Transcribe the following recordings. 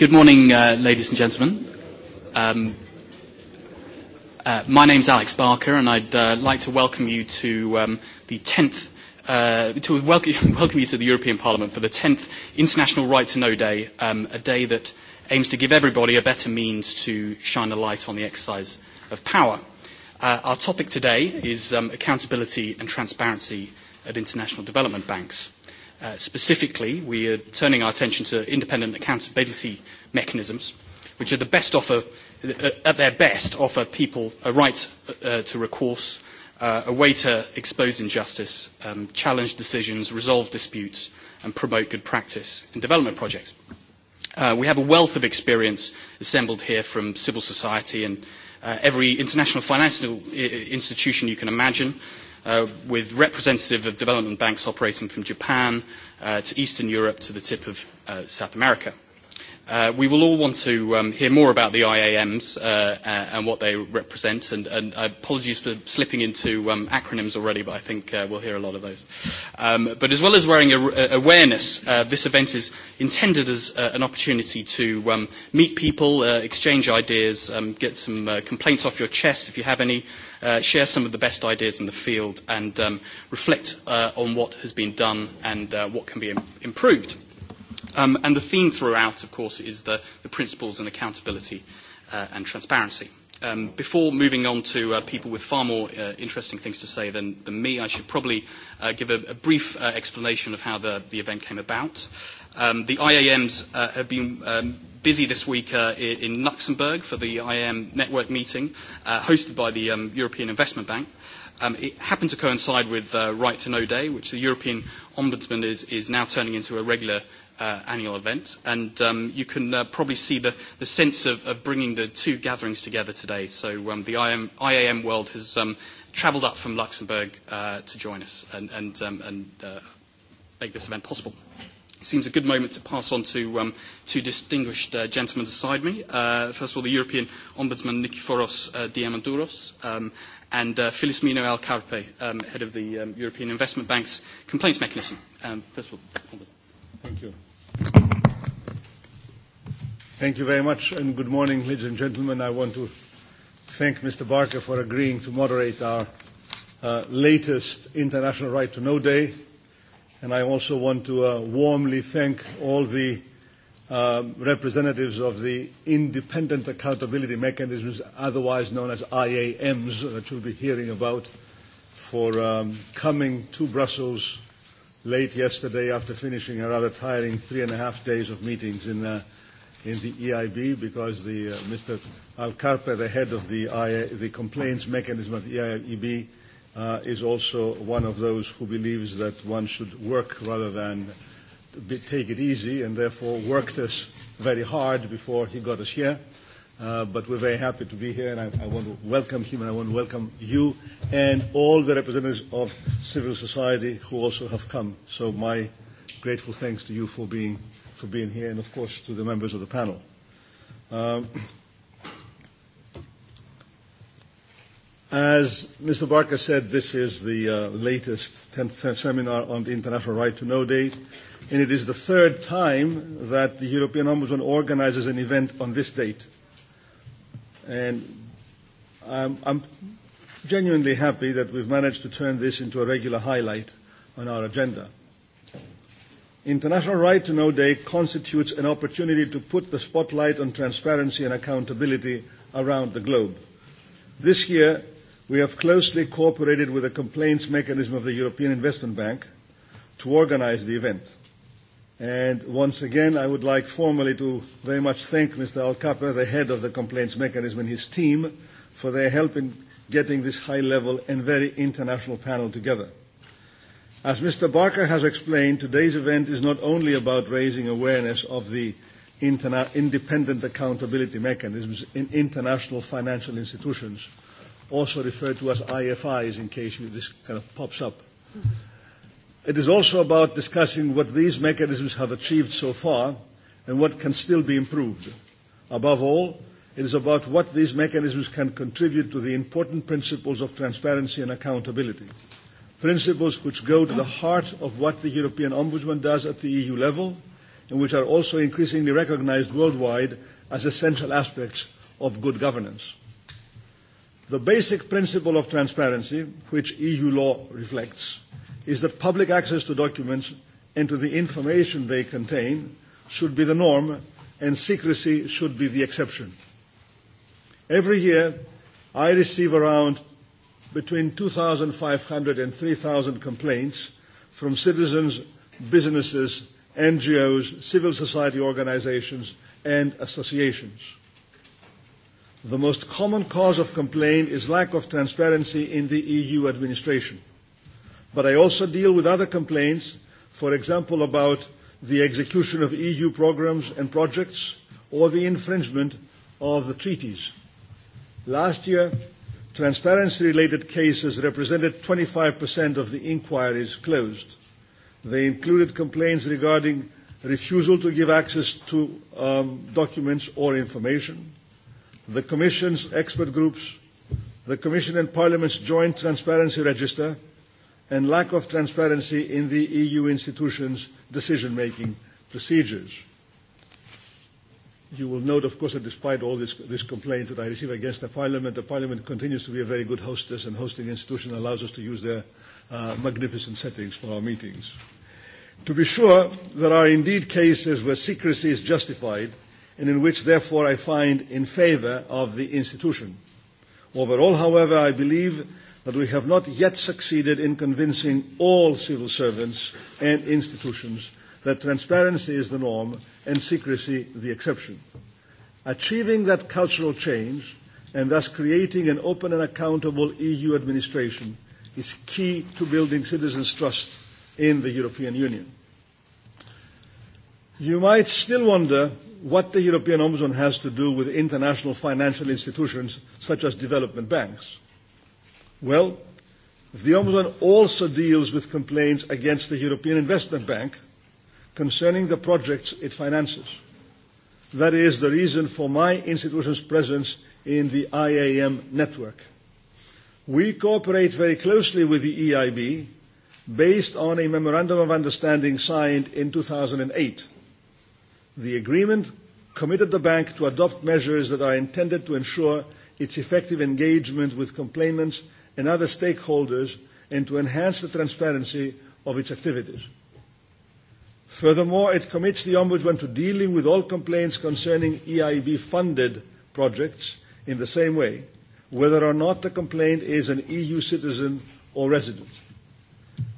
Good morning, uh, ladies and gentlemen. Um, uh, my name's Alex Barker, and I'd uh, like to welcome you to um, the 10th, uh, to welcome, welcome you to the European Parliament for the 10th International Right to Know Day, um, a day that aims to give everybody a better means to shine a light on the exercise of power. Uh, our topic today is um, accountability and transparency at international development banks. Uh, specifically, we are turning our attention to independent accountability mechanisms, which are the best offer, uh, at their best, offer people a right uh, uh, to recourse, uh, a way to expose injustice, um, challenge decisions, resolve disputes, and promote good practice in development projects. Uh, we have a wealth of experience assembled here from civil society and uh, every international financial institution you can imagine, uh, with representatives of development banks operating from Japan uh, to Eastern Europe to the tip of uh, South America. Uh, we will all want to um, hear more about the IAMs uh, uh, and what they represent, and, and uh, apologies for slipping into um, acronyms already, but I think uh, we'll hear a lot of those. Um, but as well as wearing a, a awareness, uh, this event is intended as uh, an opportunity to um, meet people, uh, exchange ideas, um, get some uh, complaints off your chest if you have any, uh, share some of the best ideas in the field, and um, reflect uh, on what has been done and uh, what can be Im- improved. Um, and the theme throughout, of course, is the, the principles and accountability uh, and transparency. Um, before moving on to uh, people with far more uh, interesting things to say than, than me, I should probably uh, give a, a brief uh, explanation of how the, the event came about. Um, the IAMs uh, have been um, busy this week uh, in Luxembourg for the IAM network meeting uh, hosted by the um, European Investment Bank. Um, it happened to coincide with uh, Right to Know Day, which the European Ombudsman is, is now turning into a regular Uh, annual event. And um, you can uh, probably see the, the sense of, of bringing the two gatherings together today. So um, the IAM, IAM world has um, travelled up from Luxembourg uh, to join us and, and, um, and uh, make this event possible. It seems a good moment to pass on to um, two distinguished uh, gentlemen beside me. Uh, first of all, the European Ombudsman Nikiforos uh, Diamandouros um, and uh, Felismino El Carpe, um, head of the um, European Investment Bank's complaints mechanism. Um, first of all, Ombudsman. Thank you. Thank you very much, and good morning, ladies and gentlemen. I want to thank Mr. Barker for agreeing to moderate our uh, latest International Right to Know Day. And I also want to uh, warmly thank all the uh, representatives of the Independent Accountability Mechanisms, otherwise known as IAMs, that you'll be hearing about, for um, coming to Brussels late yesterday after finishing a rather tiring three and a half days of meetings in, uh, in the EIB because the, uh, Mr. Alcarpe, the head of the, IA, the complaints mechanism at the EIB, uh, is also one of those who believes that one should work rather than be, take it easy and therefore worked us very hard before he got us here. Uh, but we're very happy to be here, and I, I want to welcome him, and I want to welcome you and all the representatives of civil society who also have come. So my grateful thanks to you for being, for being here, and of course to the members of the panel. Um, As Mr. Barker said, this is the uh, latest 10th seminar on the International Right to Know Day, and it is the third time that the European Ombudsman organizes an event on this date. And I'm, I'm genuinely happy that we've managed to turn this into a regular highlight on our agenda. International Right to Know Day constitutes an opportunity to put the spotlight on transparency and accountability around the globe. This year, we have closely cooperated with the complaints mechanism of the European Investment Bank to organize the event. And once again, I would like formally to very much thank Mr. Alcapa, the head of the complaints mechanism, and his team for their help in getting this high-level and very international panel together. As Mr. Barker has explained, today's event is not only about raising awareness of the independent accountability mechanisms in international financial institutions, also referred to as IFIs in case you, this kind of pops up. It is also about discussing what these mechanisms have achieved so far and what can still be improved. Above all, it is about what these mechanisms can contribute to the important principles of transparency and accountability, principles which go to the heart of what the European Ombudsman does at the EU level and which are also increasingly recognized worldwide as essential aspects of good governance. The basic principle of transparency, which EU law reflects, is that public access to documents and to the information they contain should be the norm and secrecy should be the exception. Every year, I receive around between 2,500 and 3,000 complaints from citizens, businesses, NGOs, civil society organizations, and associations. The most common cause of complaint is lack of transparency in the EU administration. But I also deal with other complaints, for example, about the execution of EU programs and projects or the infringement of the treaties. Last year, transparency-related cases represented 25% of the inquiries closed. They included complaints regarding refusal to give access to um, documents or information, the Commission's expert groups, the Commission and Parliament's joint transparency register, and lack of transparency in the EU institutions' decision-making procedures. You will note, of course, that despite all this, this complaint that I receive against the Parliament, the Parliament continues to be a very good hostess and hosting institution allows us to use their uh, magnificent settings for our meetings. To be sure, there are indeed cases where secrecy is justified and in which, therefore, I find in favour of the institution. Overall, however, I believe that we have not yet succeeded in convincing all civil servants and institutions that transparency is the norm and secrecy the exception. Achieving that cultural change and thus creating an open and accountable EU administration is key to building citizens' trust in the European Union. You might still wonder what the European Ombudsman has to do with international financial institutions such as development banks. Well, the Ombudsman also deals with complaints against the European Investment Bank concerning the projects it finances. That is the reason for my institution's presence in the IAM network. We cooperate very closely with the EIB based on a memorandum of understanding signed in 2008. The agreement committed the bank to adopt measures that are intended to ensure its effective engagement with complainants and other stakeholders and to enhance the transparency of its activities. Furthermore, it commits the Ombudsman to dealing with all complaints concerning EIB-funded projects in the same way, whether or not the complaint is an EU citizen or resident.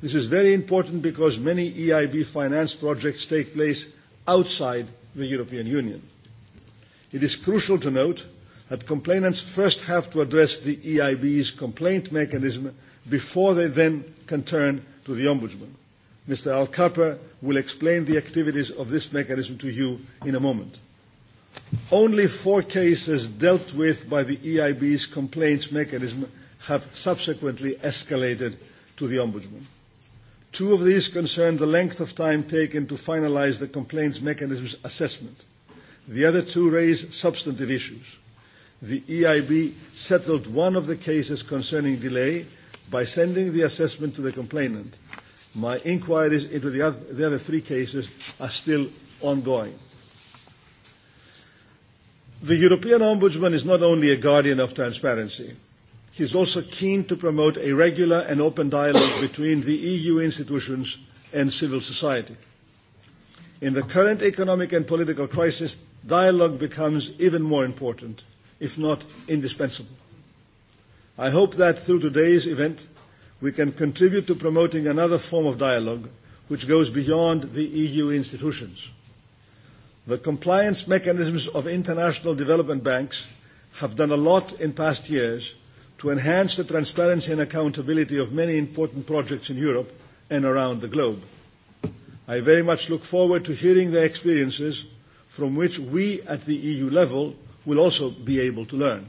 This is very important because many EIB-financed projects take place outside the European Union. It is crucial to note that complainants first have to address the EIB's complaint mechanism before they then can turn to the Ombudsman. Mr. Al Kapper will explain the activities of this mechanism to you in a moment. Only four cases dealt with by the EIB's complaints mechanism have subsequently escalated to the Ombudsman. Two of these concern the length of time taken to finalise the complaints mechanism's assessment. The other two raise substantive issues the EIB settled one of the cases concerning delay by sending the assessment to the complainant. My inquiries into the other, the other three cases are still ongoing. The European Ombudsman is not only a guardian of transparency, he is also keen to promote a regular and open dialogue between the EU institutions and civil society. In the current economic and political crisis, dialogue becomes even more important if not indispensable. I hope that through today's event, we can contribute to promoting another form of dialogue which goes beyond the EU institutions. The compliance mechanisms of international development banks have done a lot in past years to enhance the transparency and accountability of many important projects in Europe and around the globe. I very much look forward to hearing their experiences from which we at the EU level will also be able to learn.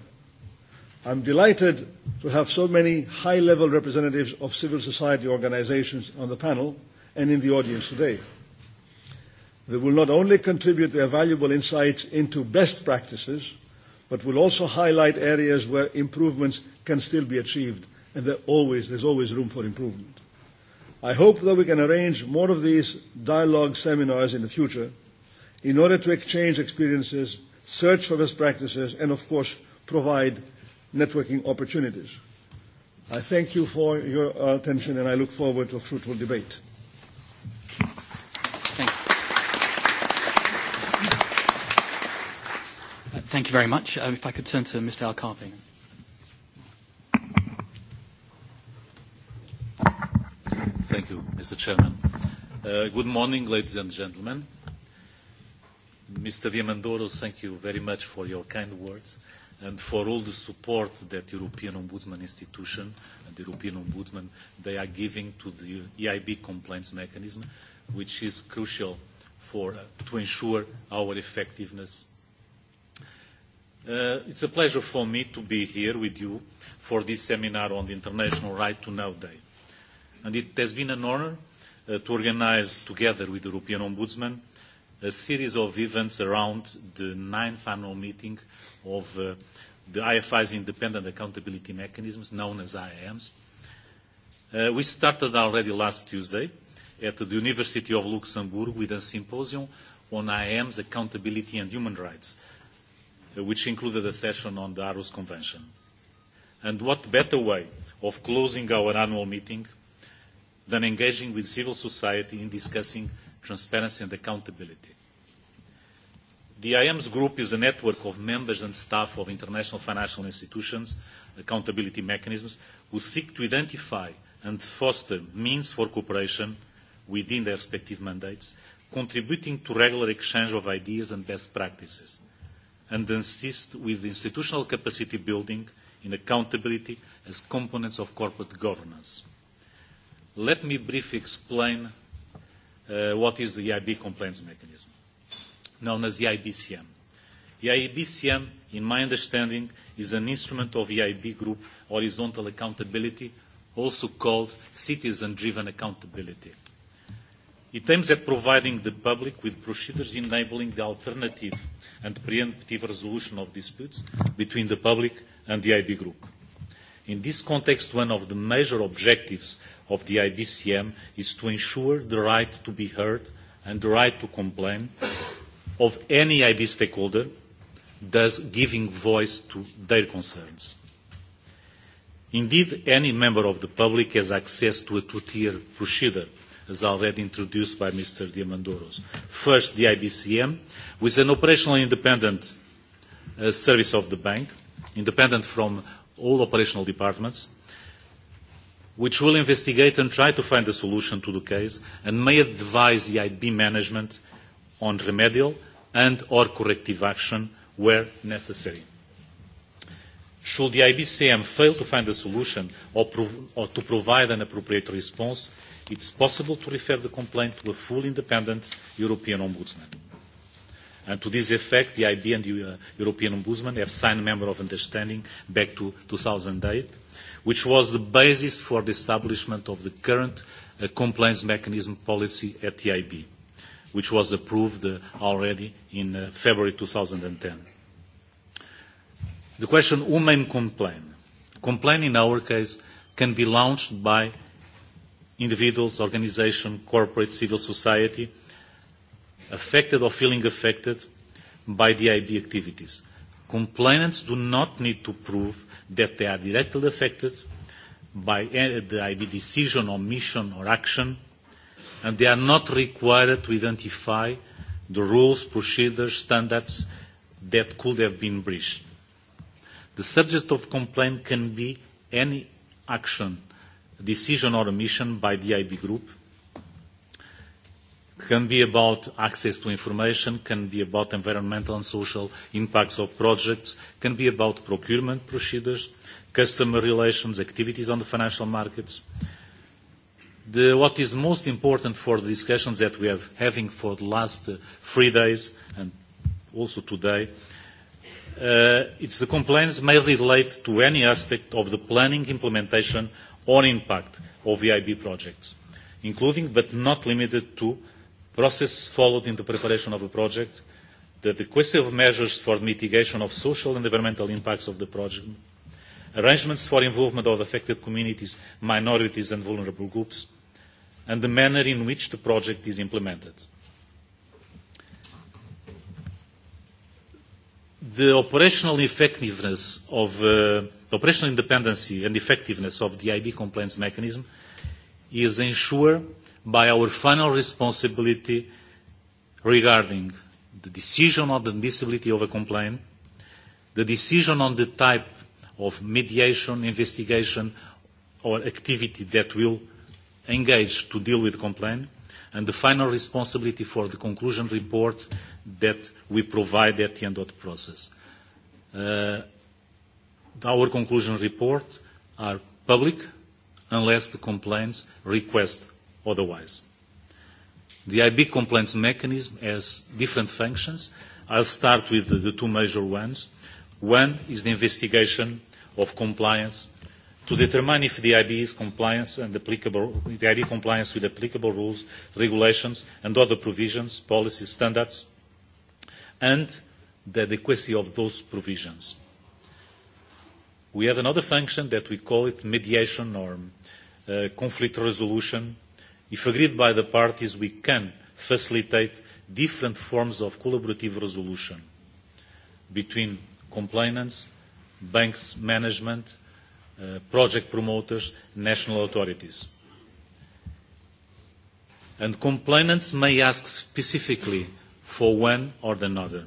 I'm delighted to have so many high-level representatives of civil society organizations on the panel and in the audience today. They will not only contribute their valuable insights into best practices, but will also highlight areas where improvements can still be achieved, and there always, there's always room for improvement. I hope that we can arrange more of these dialogue seminars in the future in order to exchange experiences search for best practices, and of course, provide networking opportunities. I thank you for your attention, and I look forward to a fruitful debate. Thank you. Uh, thank you very much. Um, if I could turn to Mr. Alcarvi. Thank you, Mr. Chairman. Uh, good morning, ladies and gentlemen. Mr. Diamandouros, thank you very much for your kind words and for all the support that European Ombudsman Institution and the European Ombudsman they are giving to the EIB complaints mechanism, which is crucial for, uh, to ensure our effectiveness. Uh, it's a pleasure for me to be here with you for this seminar on the International Right to Know Day. And it has been an honor uh, to organize together with the European Ombudsman a series of events around the ninth annual meeting of uh, the IFI's independent accountability mechanisms, known as IAMs. Uh, we started already last Tuesday at the University of Luxembourg with a symposium on IAMs, accountability and human rights, uh, which included a session on the Aarhus Convention. And what better way of closing our annual meeting than engaging with civil society in discussing transparency and accountability. The IAMS group is a network of members and staff of international financial institutions, accountability mechanisms, who seek to identify and foster means for cooperation within their respective mandates, contributing to regular exchange of ideas and best practices, and assist with institutional capacity building in accountability as components of corporate governance. Let me briefly explain uh, what is the EIB complaints mechanism, known as EIBCM. EIBCM, in my understanding, is an instrument of EIB group horizontal accountability, also called citizen-driven accountability. It aims at providing the public with procedures enabling the alternative and preemptive resolution of disputes between the public and the IB group. In this context, one of the major objectives of the IBCM is to ensure the right to be heard and the right to complain of any IB stakeholder, thus giving voice to their concerns. Indeed, any member of the public has access to a two-tier procedure, as already introduced by Mr. Diamandouros. First, the IBCM, with an operationally independent uh, service of the bank, independent from all operational departments, which will investigate and try to find a solution to the case and may advise the IB management on remedial and or corrective action where necessary. Should the IBCM fail to find a solution or, or to provide an appropriate response, it's possible to refer the complaint to a full independent European Ombudsman. And uh, to this effect, the IB and the uh, European Ombudsman have signed a Memorandum of Understanding back to 2008, which was the basis for the establishment of the current uh, complaints mechanism policy at the IB, which was approved uh, already in uh, February 2010. The question, who may complain? Complain in our case can be launched by individuals, organizations, corporate, civil society, affected or feeling affected by the IB activities. Complainants do not need to prove that they are directly affected by eh, the IB decision or mission or action, and they are not required to identify the rules, procedures, standards that could have been breached. The subject of complaint can be any action, decision or omission by the IB group can be about access to information, can be about environmental and social impacts of projects, can be about procurement procedures, customer relations, activities on the financial markets. The, what is most important for the discussions that we are having for the last uh, three days and also today, uh, it's the complaints may relate to any aspect of the planning, implementation or impact of EIB projects, including but not limited to process followed in the preparation of the project, the decisive measures for mitigation of social and environmental impacts of the project, arrangements for involvement of affected communities, minorities and vulnerable groups, and the manner in which the project is implemented. The operational effectiveness of uh, the operational independency and effectiveness of the IB complaints mechanism is ensured by our final responsibility regarding the decision on the admissibility of a complaint, the decision on the type of mediation, investigation or activity that will engage to deal with complaint, and the final responsibility for the conclusion report that we provide at the end of the process. Uh, our conclusion report are public unless the complaints request otherwise. The IB complaints mechanism has different functions. I'll start with the, two major ones. One is the investigation of compliance to determine if the IB is compliance and applicable, the IB compliance with applicable rules, regulations and other provisions, policies, standards, and the adequacy of those provisions. We have another function that we call it mediation or uh, conflict resolution If agreed by the parties, we can facilitate different forms of collaborative resolution between complainants, banks management, uh, project promoters, national authorities. And complainants may ask specifically for one or another.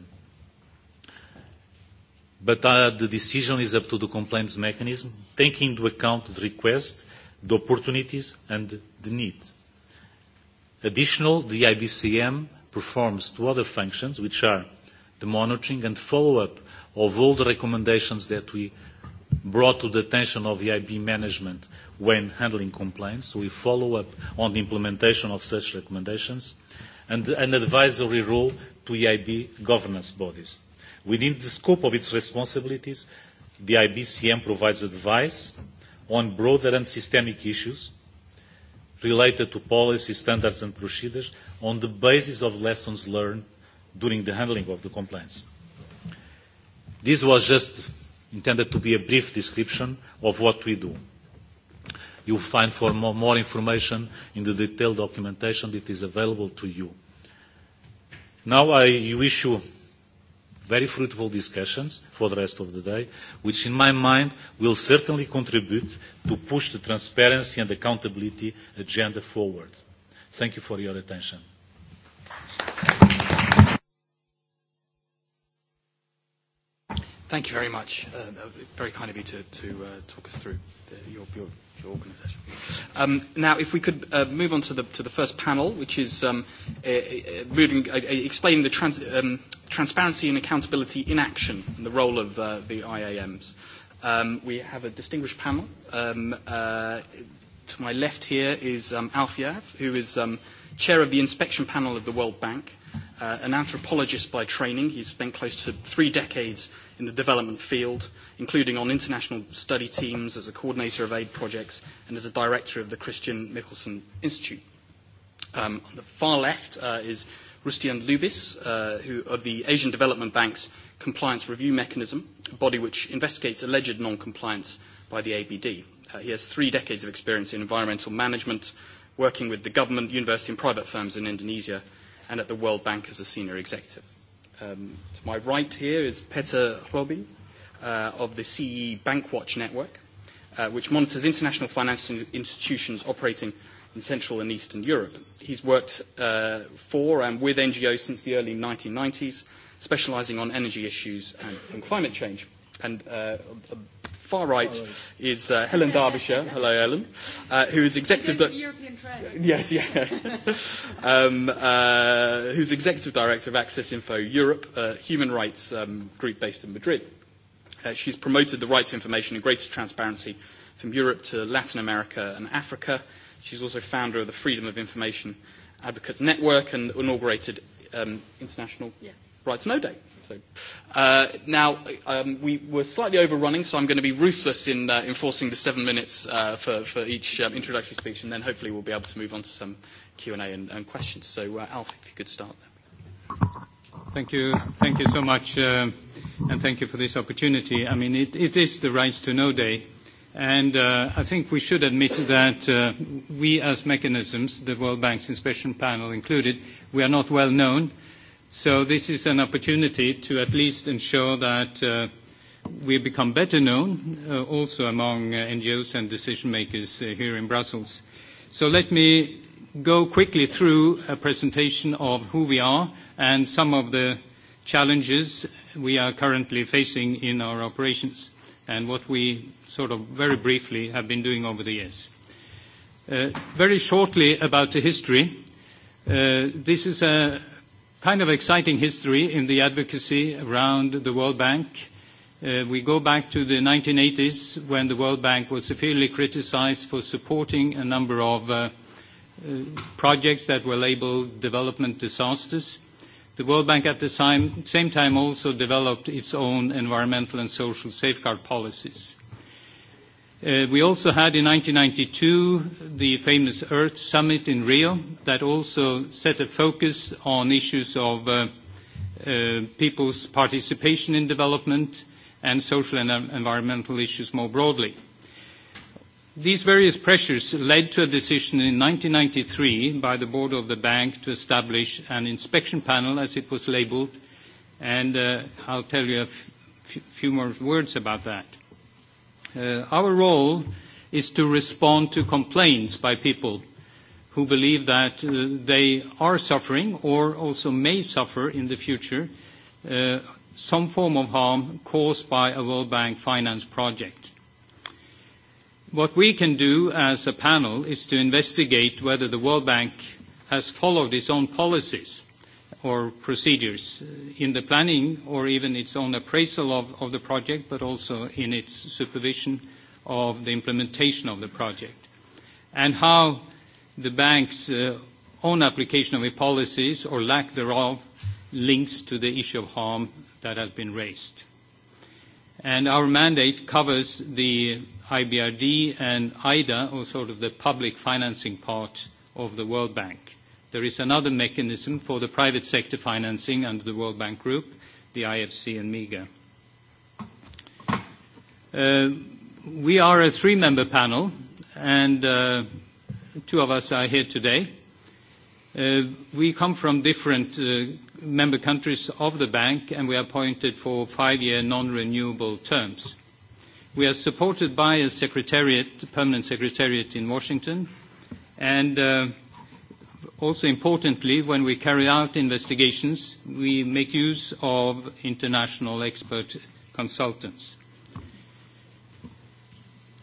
But uh, the decision is up to the complaints mechanism, taking into account the request, the opportunities and the need. Additionally, the IBCM performs two other functions, which are the monitoring and follow-up of all the recommendations that we brought to the attention of the IB management when handling complaints. we follow up on the implementation of such recommendations and an advisory role to EIB governance bodies. Within the scope of its responsibilities, the IBCM provides advice on broader and systemic issues related to policy standards and procedures on the basis of lessons learned during the handling of the complaints. This was just intended to be a brief description of what we do. You will find for more, more information in the detailed documentation that is available to you. Now I wish you very fruitful discussions for the rest of the day, which in my mind will certainly contribute to push the transparency and accountability agenda forward. Thank you for your attention. Thank you very much. Uh, very kind of you to, to uh, talk us through the, your, your, your organisation. Um, now, if we could uh, move on to the, to the first panel, which is um, uh, moving, uh, explaining the trans, um, transparency and accountability in action and the role of uh, the IAMs. Um, we have a distinguished panel. Um, uh, to my left here is um, Alf Yav, who is um, chair of the inspection panel of the World Bank uh, an anthropologist by training. He's spent close to three decades in the development field, including on international study teams as a coordinator of aid projects and as a director of the Christian Mickelson Institute. Um, on the far left uh, is Rustian Lubis, uh, who of the Asian Development Bank's Compliance Review Mechanism, a body which investigates alleged non-compliance by the ABD. Uh, he has three decades of experience in environmental management, working with the government, university and private firms in Indonesia, and at the World Bank as a senior executive. Um, to my right here is Peter Hobby uh, of the CE Bankwatch Network, uh, which monitors international financial institutions operating in Central and Eastern Europe. He's worked uh, for and with NGOs since the early 1990s, specializing on energy issues and, and climate change. And uh, far right oh. is uh, Helen Derbyshire. Hello, Helen. Uh, who is executive. Di- European Yes, yeah. um, uh, who's executive director of Access Info Europe, a human rights um, group based in Madrid. Uh, she's promoted the right to information and greater transparency from Europe to Latin America and Africa. She's also founder of the Freedom of Information Advocates Network and inaugurated um, International yeah. Rights No Day. So, uh, now, um, we were slightly overrunning, so I'm going to be ruthless in uh, enforcing the seven minutes uh, for, for each um, introductory speech, and then hopefully we'll be able to move on to some Q&A and, and questions. So, uh, Alf, if you could start Thank you. Thank you so much, uh, and thank you for this opportunity. I mean, it, it is the Rights to Know Day, and uh, I think we should admit that uh, we as mechanisms, the World Bank's inspection panel included, we are not well known, So this is an opportunity to at least ensure that uh, we become better known uh, also among uh, NGOs and decision makers uh, here in Brussels. So let me go quickly through a presentation of who we are and some of the challenges we are currently facing in our operations and what we sort of very briefly have been doing over the years. Uh, very shortly about the history. Uh, this is a, kind of exciting history in the advocacy around the World Bank. Uh, we go back to the 1980s when the World Bank was severely criticized for supporting a number of uh, uh, projects that were labeled development disasters. The World Bank at the same, same time also developed its own environmental and social safeguard policies. Uh, we also had in 1992 the famous Earth Summit in Rio that also set a focus on issues of uh, uh, people's participation in development and social and environmental issues more broadly. These various pressures led to a decision in 1993 by the board of the bank to establish an inspection panel, as it was labeled, and uh, I'll tell you a few more words about that. Uh, our role is to respond to complaints by people who believe that uh, they are suffering or also may suffer in the future uh, some form of harm caused by a World Bank finance project. What we can do as a panel is to investigate whether the World Bank has followed its own policies or procedures in the planning or even its own appraisal of, of the project, but also in its supervision of the implementation of the project, and how the bank's uh, own application of its policies or lack thereof links to the issue of harm that has been raised. And our mandate covers the IBRD and IDA, or sort of the public financing part of the World Bank. There is another mechanism for the private sector financing under the World Bank Group, the IFC and MIGA. Uh, we are a three-member panel, and uh, two of us are here today. Uh, we come from different uh, member countries of the bank, and we are appointed for five-year non-renewable terms. We are supported by a secretariat, permanent secretariat in Washington, and uh, also importantly, when we carry out investigations, we make use of international expert consultants.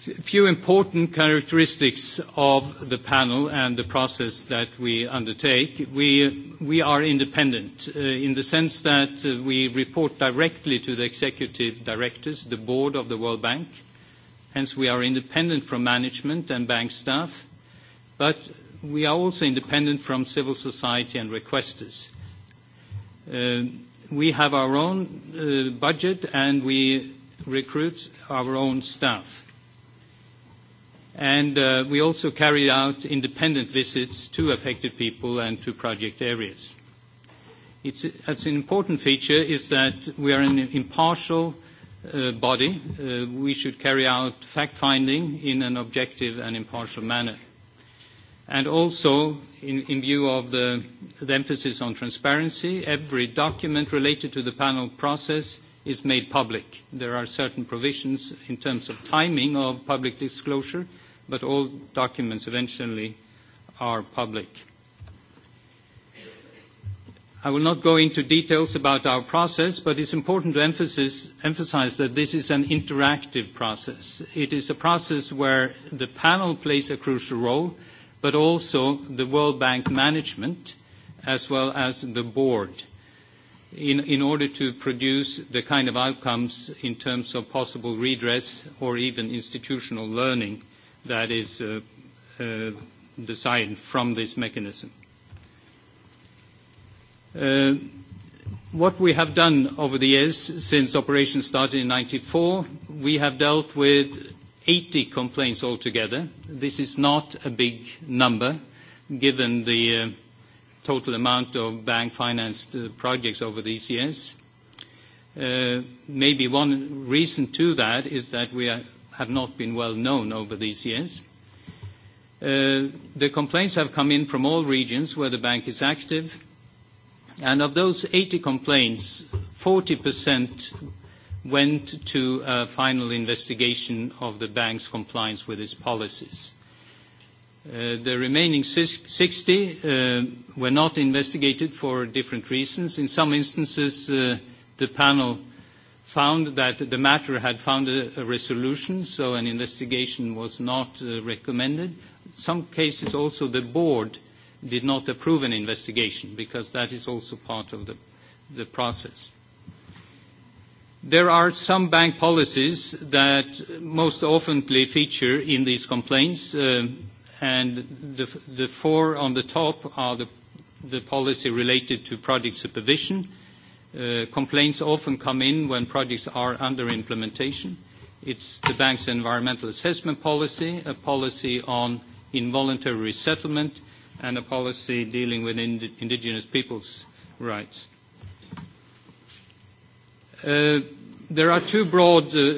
A few important characteristics of the panel and the process that we undertake. We, we are independent uh, in the sense that uh, we report directly to the executive directors, the board of the World Bank. Hence, we are independent from management and bank staff, but we are also independent from civil society and requesters. Uh, we have our own uh, budget and we recruit our own staff. And uh, we also carry out independent visits to affected people and to project areas. It's, it's an important feature is that we are an impartial uh, body. Uh, we should carry out fact-finding in an objective and impartial manner. And also, in, in view of the, the emphasis on transparency, every document related to the panel process is made public. There are certain provisions in terms of timing of public disclosure, but all documents eventually are public. I will not go into details about our process, but it's important to emphasis, emphasize that this is an interactive process. It is a process where the panel plays a crucial role, but also the World Bank management as well as the board in, order to produce the kind of outcomes in terms of possible redress or even institutional learning that is uh, uh desired from this mechanism. Uh, what we have done over the years since operations started in 1994, we have dealt with 80 complaints altogether. This is not a big number given the uh, total amount of bank-financed uh, projects over these years. Uh, maybe one reason to that is that we are, have not been well known over these years. Uh, the complaints have come in from all regions where the bank is active, and of those 80 complaints, 40% went to a final investigation of the bank's compliance with its policies. Uh, the remaining 60 uh, were not investigated for different reasons. In some instances, uh, the panel found that the matter had found a, a resolution, so an investigation was not uh, recommended. Some cases also the board did not approve an investigation because that is also part of the, the process. There are some bank policies that most often feature in these complaints, uh, and the, the four on the top are the, the policy related to project supervision. Uh, complaints often come in when projects are under implementation. It's the bank's environmental assessment policy, a policy on involuntary resettlement, and a policy dealing with ind indigenous peoples' rights. Uh, there are two broad uh,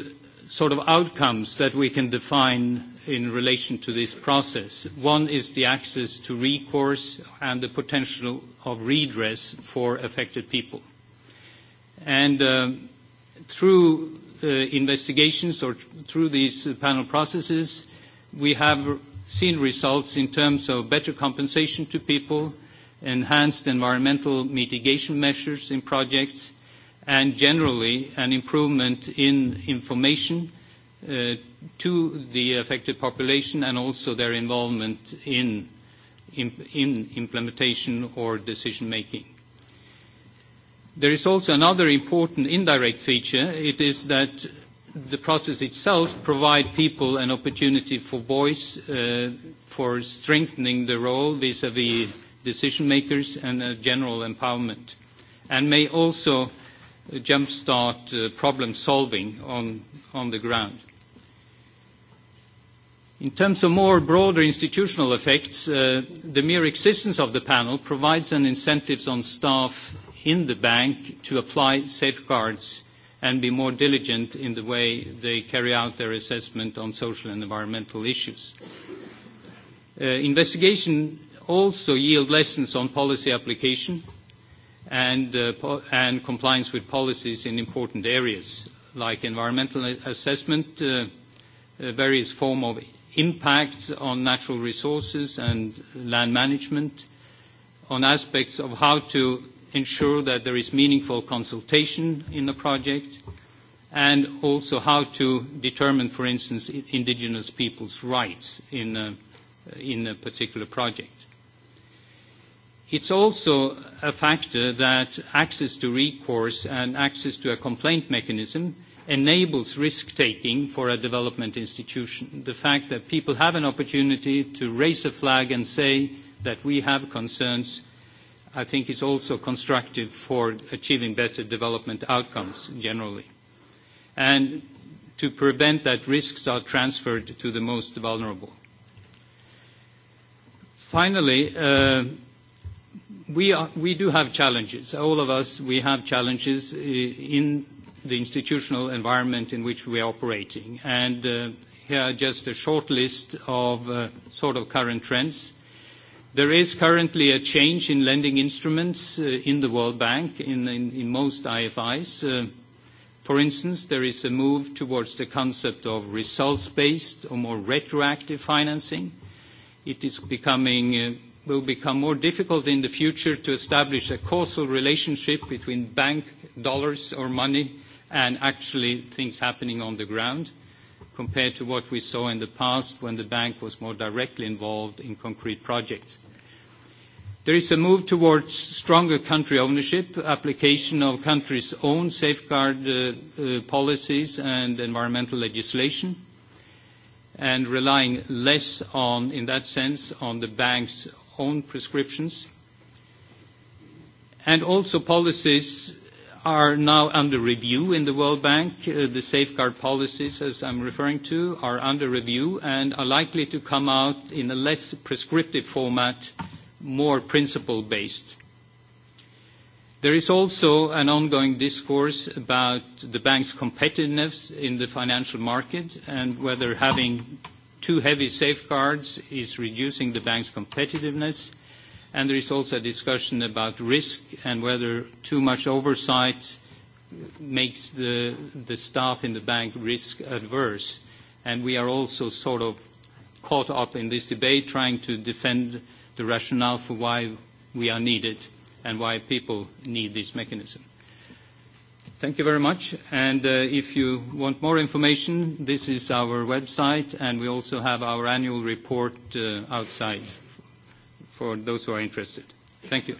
sort of outcomes that we can define in relation to this process. One is the access to recourse and the potential of redress for affected people. And uh, through uh, investigations or through these panel processes, we have seen results in terms of better compensation to people, enhanced environmental mitigation measures in projects, and generally an improvement in information uh, to the affected population and also their involvement in, in, in implementation or decision making. There is also another important indirect feature. It is that the process itself provides people an opportunity for voice, uh, for strengthening the role vis-à-vis -vis decision makers and a general empowerment, and may also jumpstart uh, problem solving on, on the ground. In terms of more broader institutional effects, uh, the mere existence of the panel provides an incentive on staff in the bank to apply safeguards and be more diligent in the way they carry out their assessment on social and environmental issues. Uh, investigation also yield lessons on policy application, and, uh, and compliance with policies in important areas like environmental assessment, uh, uh, various form of impacts on natural resources and land management, on aspects of how to ensure that there is meaningful consultation in the project, and also how to determine, for instance, indigenous people's rights in a, in a particular project. It's also a factor that access to recourse and access to a complaint mechanism enables risk-taking for a development institution. The fact that people have an opportunity to raise a flag and say that we have concerns, I think is also constructive for achieving better development outcomes generally. And to prevent that risks are transferred to the most vulnerable. Finally, uh, we, are, we do have challenges. All of us, we have challenges eh, in the institutional environment in which we are operating. And uh, here are just a short list of uh, sort of current trends. There is currently a change in lending instruments uh, in the World Bank, in, in, in most IFIs. Uh, for instance, there is a move towards the concept of results-based or more retroactive financing. It is becoming eh, will become more difficult in the future to establish a causal relationship between bank dollars or money and actually things happening on the ground compared to what we saw in the past when the bank was more directly involved in concrete projects. There is a move towards stronger country ownership, application of countries' own safeguard uh, uh, policies and environmental legislation, and relying less on, in that sense, on the bank's own prescriptions. And also policies are now under review in the World Bank. Uh, the safeguard policies, as I'm referring to, are under review and are likely to come out in a less prescriptive format, more principle-based. There is also an ongoing discourse about the bank's competitiveness in the financial market and whether having too heavy safeguards is reducing the bank's competitiveness, and there is also a discussion about risk and whether too much oversight makes the, the staff in the bank risk adverse. And we are also sort of caught up in this debate trying to defend the rationale for why we are needed and why people need this mechanism. Thank you very much. Uh, if you want more information, this is our website, and we also have our annual report uh, outside for those who are interested. Thank you.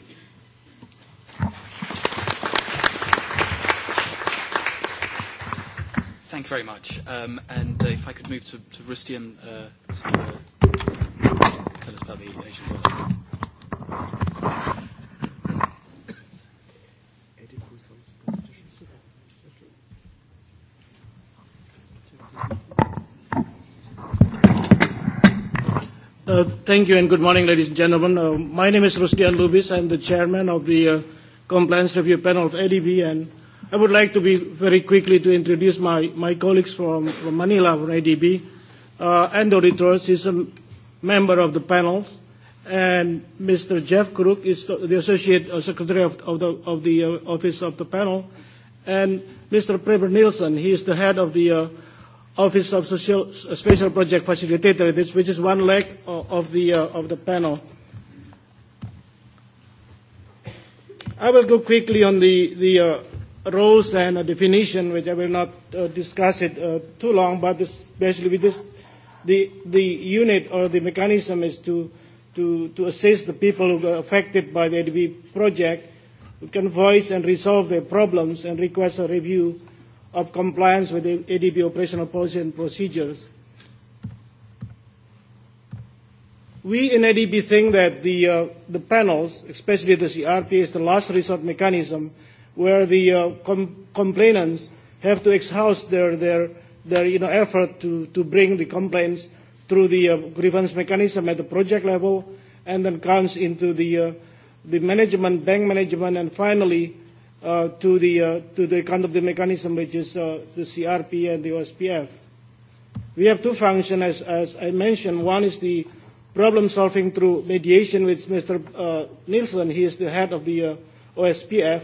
Thank you very much. Um, uh, if I could move to to Rustem to tell us about the Asian project. Uh, thank you and good morning, ladies and gentlemen. Uh, my name is Rusdian Lubis. I'm the chairman of the uh, Compliance Review Panel of ADB, and I would like to be very quickly to introduce my, my colleagues from, from Manila, from ADB. Andrew Ando is a member of the panel, and Mr. Jeff Crook is the Associate Secretary of, the, of the Office of the panel, and Mr. Preben Nielsen, he is the head of the Office of Social, Special Project Facilitator, which is one leg of the, uh, of the panel. I will go quickly on the, the uh, roles and uh, definition, which I will not uh, discuss it uh, too long, but this, basically with this, the, the unit or the mechanism is to, to, to assist the people who are affected by the ADB project, who can voice and resolve their problems and request a review of compliance with the ADB operational policy and procedures. We in ADB think that the, uh, the panels, especially the CRP, is the last resort mechanism where the uh, com- complainants have to exhaust their, their, their you know, effort to, to bring the complaints through the uh, grievance mechanism at the project level and then comes into the, uh, the management, bank management, and finally uh, to the uh, to the kind of the mechanism which is uh, the CRP and the OSPF. We have two functions, as, as I mentioned. One is the problem solving through mediation with Mr. Uh, Nielsen. He is the head of the uh, OSPF,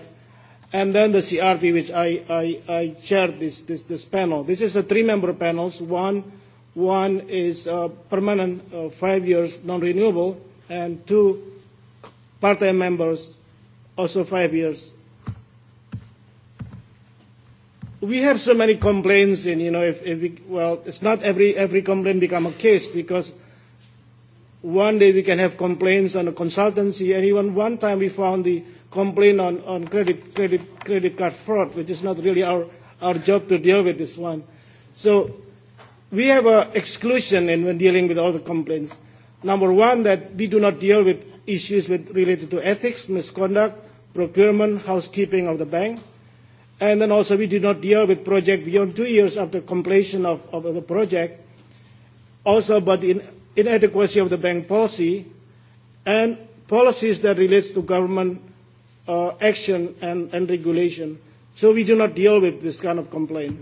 and then the CRP, which I, I, I chaired this, this, this panel. This is a three-member panel. One, one is uh, permanent, uh, five years, non-renewable, and two part-time members, also five years, we have so many complaints, and you know, if, if we, well, it's not every every complaint become a case because one day we can have complaints on a consultancy, and even one time we found the complaint on, on credit credit credit card fraud, which is not really our our job to deal with this one. So we have an exclusion in when dealing with all the complaints. Number one, that we do not deal with issues with, related to ethics, misconduct, procurement, housekeeping of the bank. And then also we did not deal with project beyond two years after completion of, of the project. Also about the inadequacy of the bank policy and policies that relates to government uh, action and, and regulation. So we do not deal with this kind of complaint.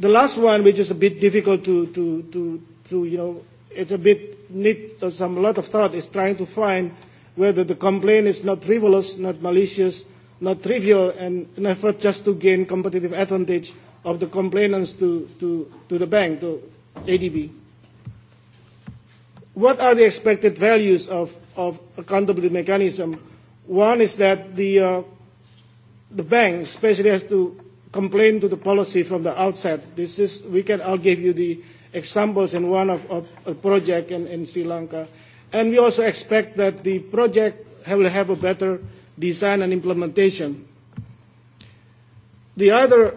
The last one, which is a bit difficult to, to, to, to you know, it's a bit need some lot of thought, is trying to find whether the complaint is not frivolous, not malicious, not trivial and an effort just to gain competitive advantage of the complainants to, to, to the bank, to ADB. What are the expected values of, of accountability mechanism? One is that the, uh, the bank especially has to complain to the policy from the outset. This is, we can, I'll give you the examples in one of, of a project in, in Sri Lanka. And we also expect that the project will have a better design and implementation. The other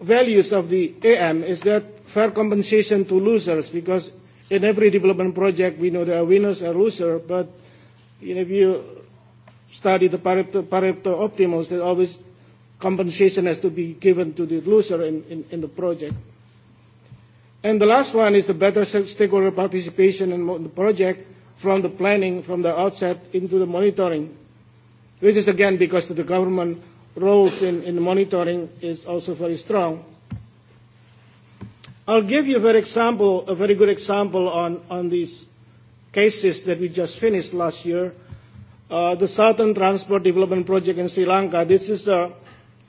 values of the AM is that fair compensation to losers, because in every development project we know there are winners and losers, but you know, if you study the Pareto, Pareto optimals, there always compensation has to be given to the loser in, in, in the project. And the last one is the better stakeholder participation in the project from the planning, from the outset into the monitoring which is again because the government roles in, in monitoring is also very strong. I'll give you a very, example, a very good example on, on these cases that we just finished last year. Uh, the Southern Transport Development Project in Sri Lanka. This is a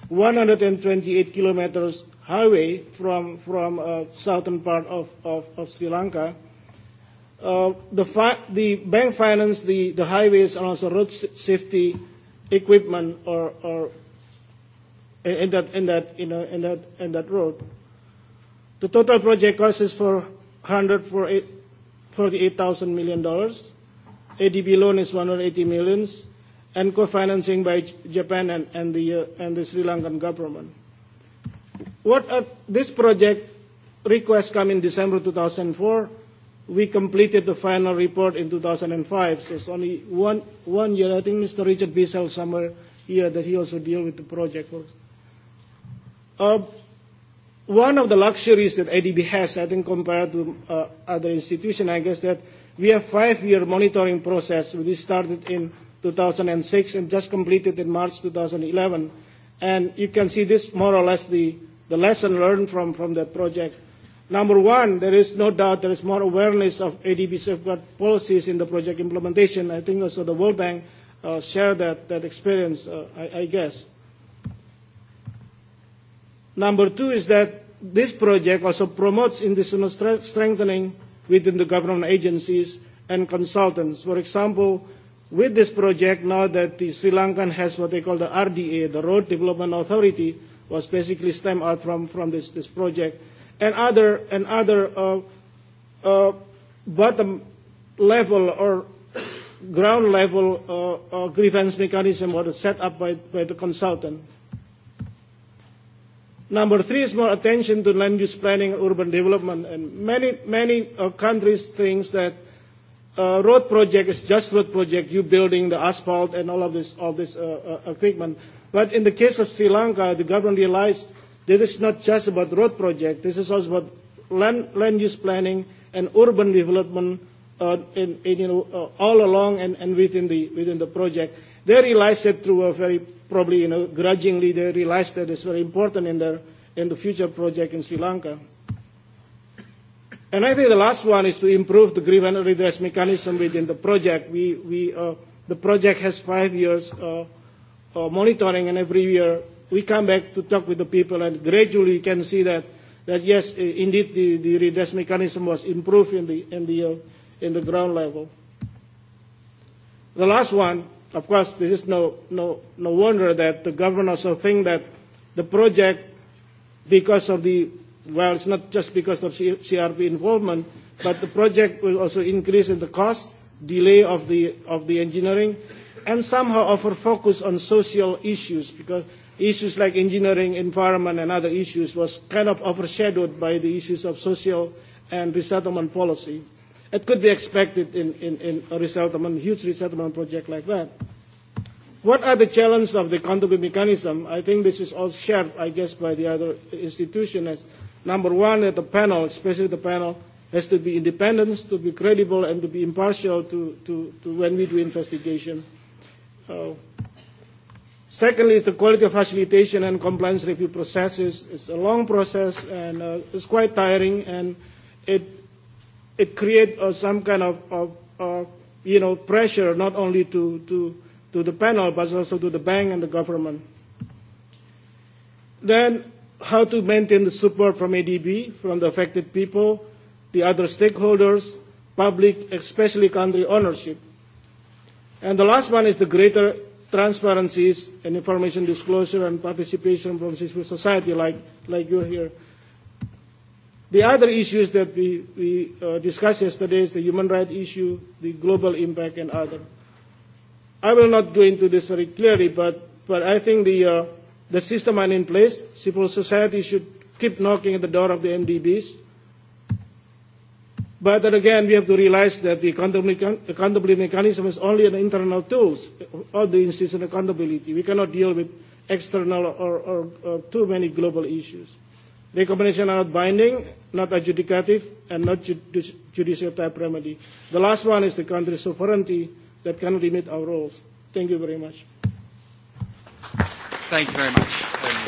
128 kilometers highway from, from uh, southern part of, of, of Sri Lanka. Uh, the, fi- the bank financed the, the highways and also road safety equipment or, or in that in that you know in that in that road. The total project cost is for for thousand million dollars. ADB loan is 180 millions, and co-financing by Japan and, and the uh, and the Sri Lankan government. What uh, this project request come in December 2004 we completed the final report in 2005, so it's only one, one year. I think Mr. Richard Bissell somewhere here that he also deal with the project. Uh, one of the luxuries that ADB has, I think, compared to uh, other institutions, I guess that we have five-year monitoring process. We started in 2006 and just completed in March 2011. And you can see this more or less the, the lesson learned from, from that project Number one, there is no doubt there is more awareness of ADB safeguard policies in the project implementation. I think also the World Bank uh, share that, that experience, uh, I, I guess. Number two is that this project also promotes institutional stre strengthening within the government agencies and consultants. For example, with this project, now that the Sri Lankan has what they call the RDA, the Road Development Authority, was basically stemmed out from, from this, this project and other and other uh, uh, bottom level or ground level uh, uh, grievance mechanism was set up by, by the consultant. Number three is more attention to land use planning and urban development. And many, many uh, countries think that uh, road project is just road project, you building the asphalt and all of this, all this uh, uh, equipment. But in the case of Sri Lanka, the government realized This is not just about road project. This is also about land, land use planning and urban development uh, in, in, you know, uh, all along and, and within, the, within the project. They realized that through a very, probably you know, grudgingly, they realized that it's very important in, their, in the future project in Sri Lanka. And I think the last one is to improve the grievance redress mechanism within the project. We, we, uh, the project has five years uh, uh, monitoring, and every year we come back to talk with the people and gradually you can see that, that yes, indeed the, the redress mechanism was improved in the, in the, uh, in the ground level. The last one, of course, this is no, no, no wonder that the government also think that the project, because of the, well, it's not just because of CRP involvement, but the project will also increase in the cost, delay of the, of the engineering, and somehow over focus on social issues because issues like engineering, environment, and other issues was kind of overshadowed by the issues of social and resettlement policy. It could be expected in, in, in a resettlement, huge resettlement project like that. What are the challenges of the accountable mechanism? I think this is all shared, I guess, by the other institution. As number one, that the panel, especially the panel, has to be independent, to be credible, and to be impartial to, to, to when we do investigation. Uh, Secondly is the quality of facilitation and compliance review processes. It's a long process and uh, it's quite tiring and it, it creates uh, some kind of, of uh, you know, pressure not only to, to, to the panel but also to the bank and the government. Then how to maintain the support from ADB, from the affected people, the other stakeholders, public, especially country ownership. And the last one is the greater transparencies and information disclosure and participation from civil society like, like you're here. The other issues that we, we uh, discussed yesterday is the human rights issue, the global impact, and other. I will not go into this very clearly, but, but I think the, uh, the system are in place. Civil society should keep knocking at the door of the MDBs But then again, we have to realize that the accountability mechanism is only an internal tool of the institutional accountability. We cannot deal with external or, or, or too many global issues. Recommendations are not binding, not adjudicative, and not judicial type remedy. The last one is the country's sovereignty that can limit our roles. Thank you very much. Thank you very much. Um,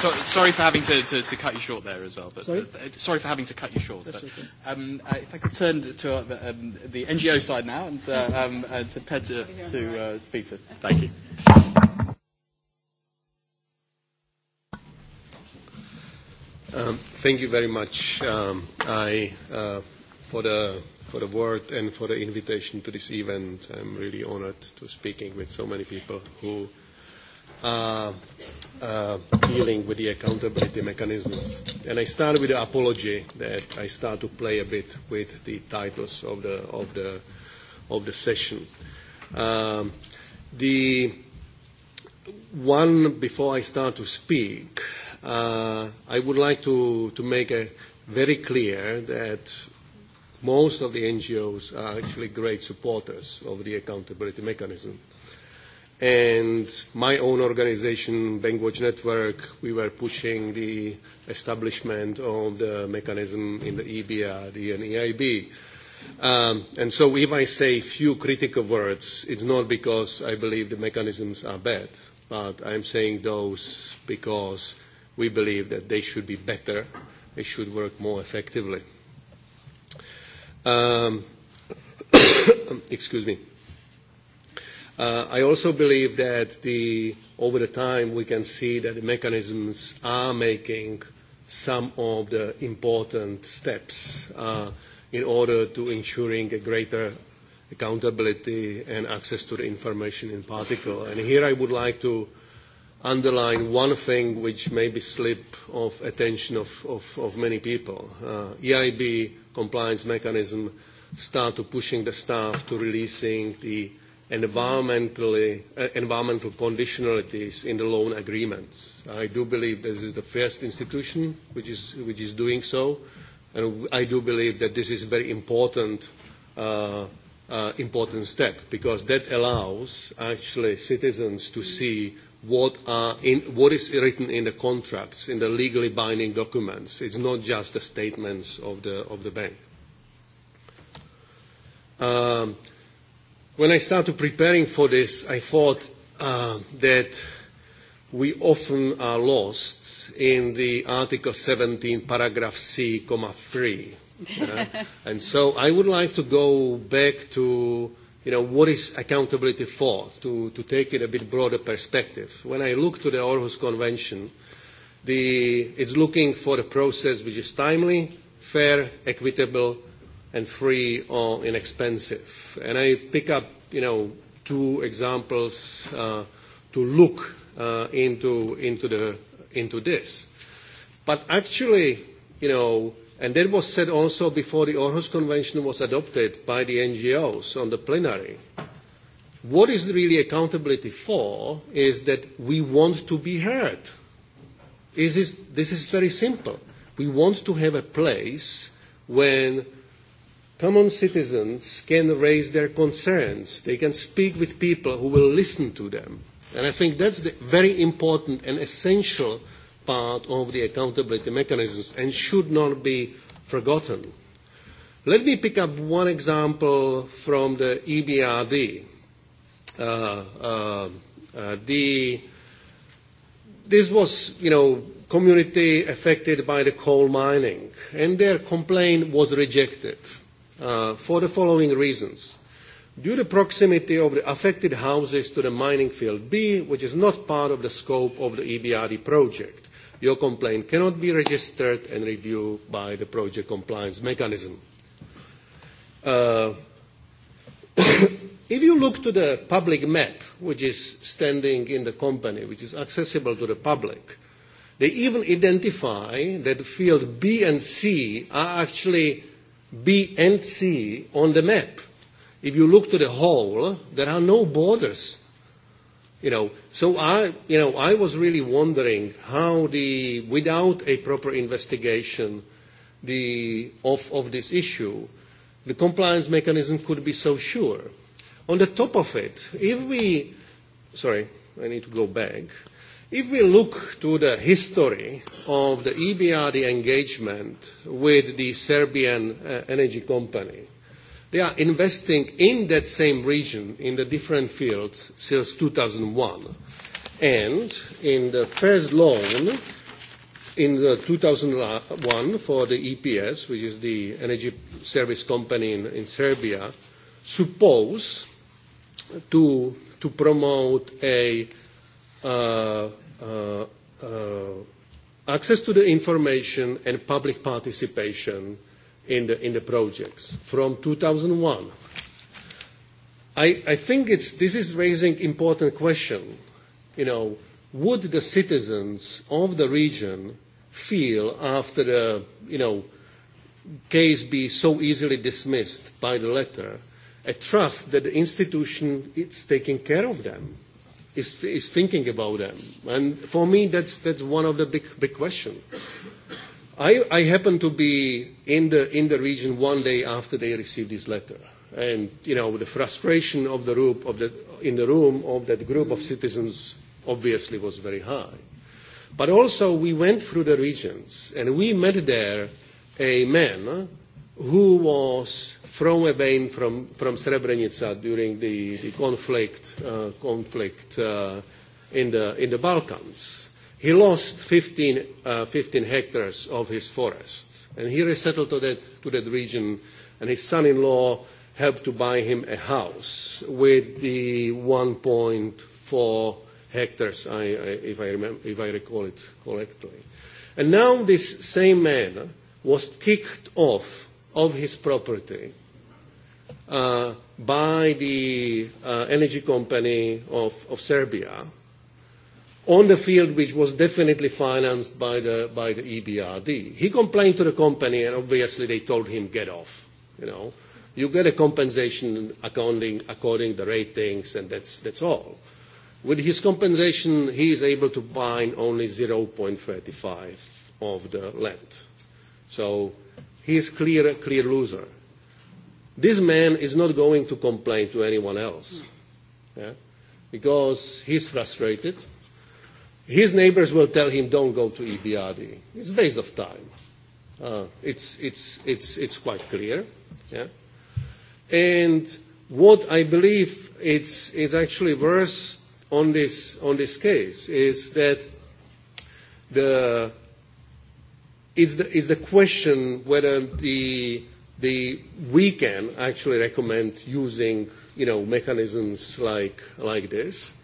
So, sorry for having to, to, to cut you short there as well. But, sorry? Uh, sorry for having to cut you short. That's but, okay. um, uh, if I could turn to uh, the, um, the NGO side now and uh, um, uh, to Ped to, to uh, speak to. Thank you. Um, thank you very much um, I, uh, for, the, for the word and for the invitation to this event. I'm really honored to speaking with so many people who – uh, uh, dealing with the accountability mechanisms. And I start with the apology that I start to play a bit with the titles of the, of the, of the session. Um, the one, before I start to speak, uh, I would like to, to make a very clear that most of the NGOs are actually great supporters of the accountability mechanism. Uh, And my own organization, Bankwatch Network, we were pushing the establishment of the mechanism in the EBRD and EIB. Um, and so if I say few critical words, it's not because I believe the mechanisms are bad, but I'm saying those because we believe that they should be better, they should work more effectively. Um, excuse me. Uh, I also believe that over the time we can see that the mechanisms are making some of the important steps uh, in order to ensuring a greater accountability and access to the information in particular. And here I would like to underline one thing which may be slip of attention of, many people. Uh, EIB compliance mechanism start to pushing the staff to releasing the environmentally, uh, environmental conditionalities in the loan agreements. I do believe this is the first institution which is, which is doing so, and I do believe that this is a very important, uh, uh, important step because that allows actually citizens to see what, are in, what is written in the contracts, in the legally binding documents. It's not just the statements of the, of the bank. Um, When I started preparing for this, I thought uh, that we often are lost in the Article 17, paragraph C, comma 3. Uh, and so I would like to go back to you know, what is accountability for, to, to take it a bit broader perspective. When I look to the Aarhus Convention, the, it's looking for a process which is timely, fair, equitable, and free or inexpensive. And I pick up, you know, two examples uh, to look uh, into into the into this. But actually, you know, and that was said also before the Aarhus Convention was adopted by the NGOs on the plenary. What is really accountability for is that we want to be heard. Is this, this is very simple. We want to have a place when common citizens can raise their concerns. They can speak with people who will listen to them. And I think that's the very important and essential part of the accountability mechanisms and should not be forgotten. Let me pick up one example from the EBRD. Uh, uh, uh, the, this was, you know, community affected by the coal mining, and their complaint was rejected. Uh, for the following reasons. Due to proximity of the affected houses to the mining field B, which is not part of the scope of the EBRD project, your complaint cannot be registered and reviewed by the project compliance mechanism. Uh, if you look to the public map, which is standing in the company, which is accessible to the public, they even identify that field B and C are actually B and C on the map. If you look to the whole, there are no borders. You know, so I, you know, I was really wondering how the, without a proper investigation the, of, of this issue, the compliance mechanism could be so sure. On the top of it, if we, sorry, I need to go back. If we look to the history of the EBRD engagement with the Serbian uh, energy company, they are investing in that same region in the different fields since 2001. And in the first loan in the 2001 for the EPS, which is the energy service company in, in Serbia, supposed to, to promote a Uh, uh, uh, access to the information and public participation in the, in the projects from 2001. I, I think it's, this is raising important question. You know, would the citizens of the region feel after the, you know, case be so easily dismissed by the letter, a trust that the institution is taking care of them? is, is thinking about them. And for me, that's, that's one of the big, big questions. I, I happened to be in the, in the region one day after they received this letter. And, you know, the frustration of the group, of the, in the room of that group of citizens obviously was very high. But also we went through the regions and we met there a man who was from Ebain, from, from Srebrenica during the, the conflict, uh, conflict uh, in, the, in the Balkans. He lost 15, uh, 15 hectares of his forest, and he resettled to that, to that region, and his son-in-law helped to buy him a house with the 1.4 hectares, I, I, if, I remember, if I recall it correctly. And now this same man was kicked off of his property uh, by the uh, energy company of, of Serbia on the field which was definitely financed by the, by the EBRD. He complained to the company and obviously they told him get off, you know. You get a compensation according, according the ratings and that's, that's all. With his compensation, he is able to buy only 0.35 of the land. So he is clear, clear loser. This man is not going to complain to anyone else yeah? because he's frustrated. His neighbors will tell him, don't go to EBRD. It's a waste of time. Uh, it's, it's, it's, it's quite clear. Yeah? And what I believe is it's actually worse on this, on this case is that the, it's, the, it's the question whether the the, we can actually recommend using you know, mechanisms like, like this.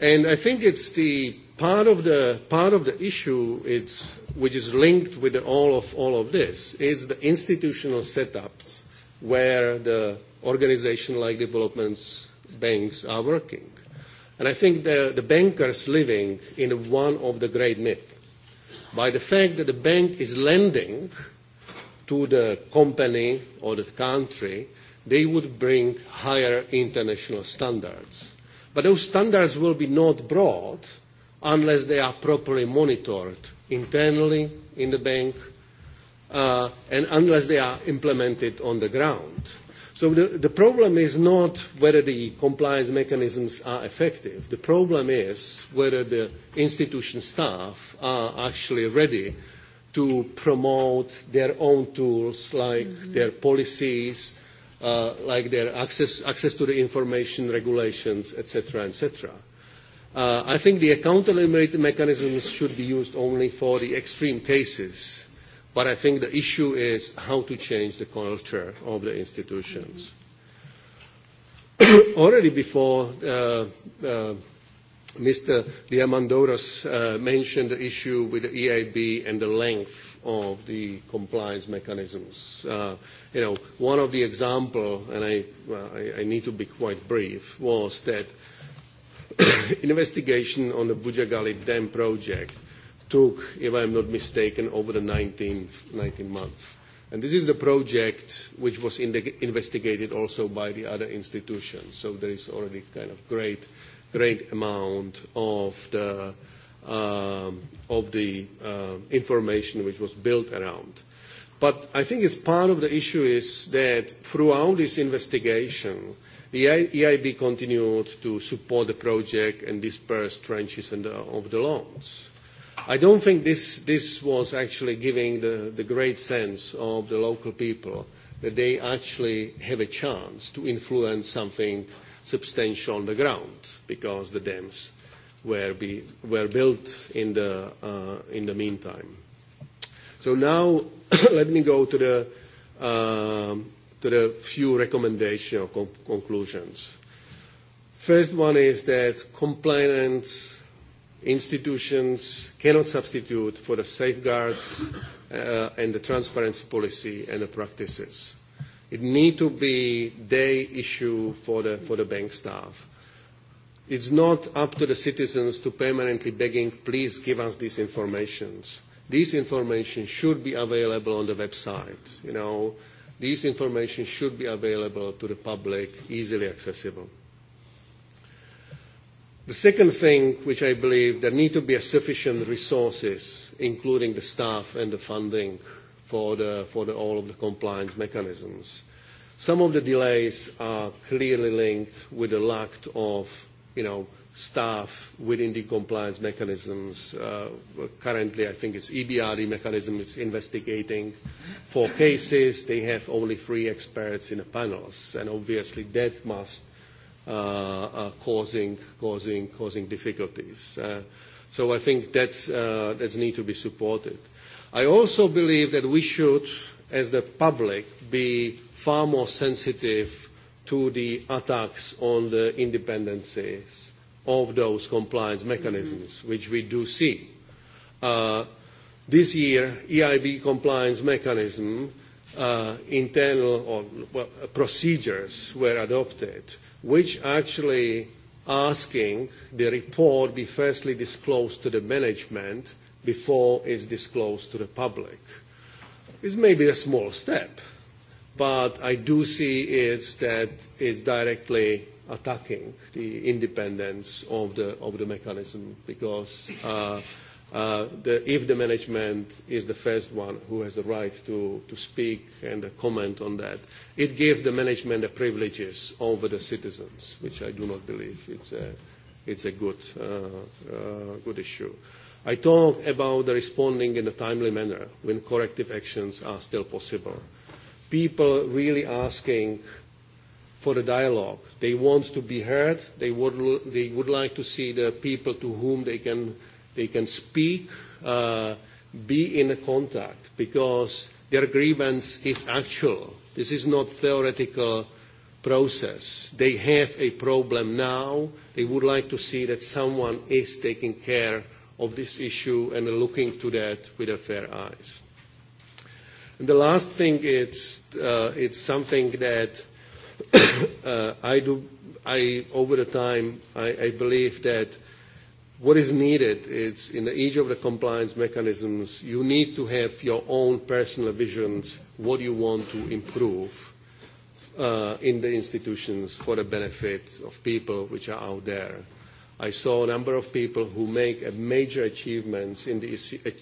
And I think it's the part of the, part of the issue it's, which is linked with the, all, of, all of this. is the institutional setups where the organization like development banks are working. And I think the, the bankers living in one of the great myths. By the fact that the bank is lending – to the company or the country, they would bring higher international standards. But those standards will be not brought unless they are properly monitored internally in the bank uh, and unless they are implemented on the ground. So the, the problem is not whether the compliance mechanisms are effective. The problem is whether the institution staff are actually ready to promote their own tools, like mm -hmm. their policies, uh, like their access, access to the information regulations, etc., etc. Uh, I think the accountability mechanisms should be used only for the extreme cases, but I think the issue is how to change the culture of the institutions. Mm -hmm. Already before uh, uh Mr. Diamandouros uh, mentioned the issue with the EIB and the length of the compliance mechanisms. Uh, you know, one of the examples, and I, well, I, I need to be quite brief, was that investigation on the Bujagali Dam project took, if I'm not mistaken, over the 19, 19 months. And this is the project which was in investigated also by the other institutions. So there is already kind of great great amount of the, um, of the uh, information which was built around. But I think it's part of the issue is that throughout this investigation, the EIB continued to support the project and disperse trenches and, uh, of the loans. I don't think this, this was actually giving the, the great sense of the local people that they actually have a chance to influence something substantial on the ground because the dams were, be, were built in the, uh, in the meantime. So now let me go to the, uh, to the few recommendations or con- conclusions. First one is that compliance institutions cannot substitute for the safeguards uh, and the transparency policy and the practices. It need to be day issue for the, for the bank staff. It's not up to the citizens to permanently begging, please give us these informations. These information should be available on the website. You know, these information should be available to the public, easily accessible. The second thing, which I believe, there need to be a sufficient resources, including the staff and the funding, for, the, for the, all of the compliance mechanisms. Some of the delays are clearly linked with the lack of, you know, staff within the compliance mechanisms. Uh, currently, I think it's EBRD mechanism is investigating for cases. They have only three experts in the panels, and obviously that must uh, uh, causing causing causing difficulties. Uh, so I think that's uh, that's need to be supported. I also believe that we should, as the public, be far more sensitive to the attacks on the independencies of those compliance mm-hmm. mechanisms, mm-hmm. which we do see. Uh, this year, EIB compliance mechanism uh, internal or, well, uh, procedures were adopted, which actually asking the report be firstly disclosed to the management before it's disclosed to the public. It's maybe a small step, but I do see it's that it's directly attacking the independence of the, of the mechanism because uh, uh, the, if the management is the first one who has the right to, to speak and comment on that, it gives the management the privileges over the citizens, which I do not believe it's a, it's a good, uh, uh, good issue. I talked about the responding in a timely manner when corrective actions are still possible. People really asking for the dialogue. They want to be heard. They would, they would like to see the people to whom they can, they can speak, uh, be in contact because their grievance is actual. This is not theoretical process. They have a problem now. They would like to see that someone is taking care of this issue and looking to that with a fair eyes. And the last thing is uh, it's something that uh, I do I over the time I, I believe that what is needed is in each of the compliance mechanisms you need to have your own personal visions what you want to improve uh, in the institutions for the benefit of people which are out there i saw a number of people who make major achievements in the,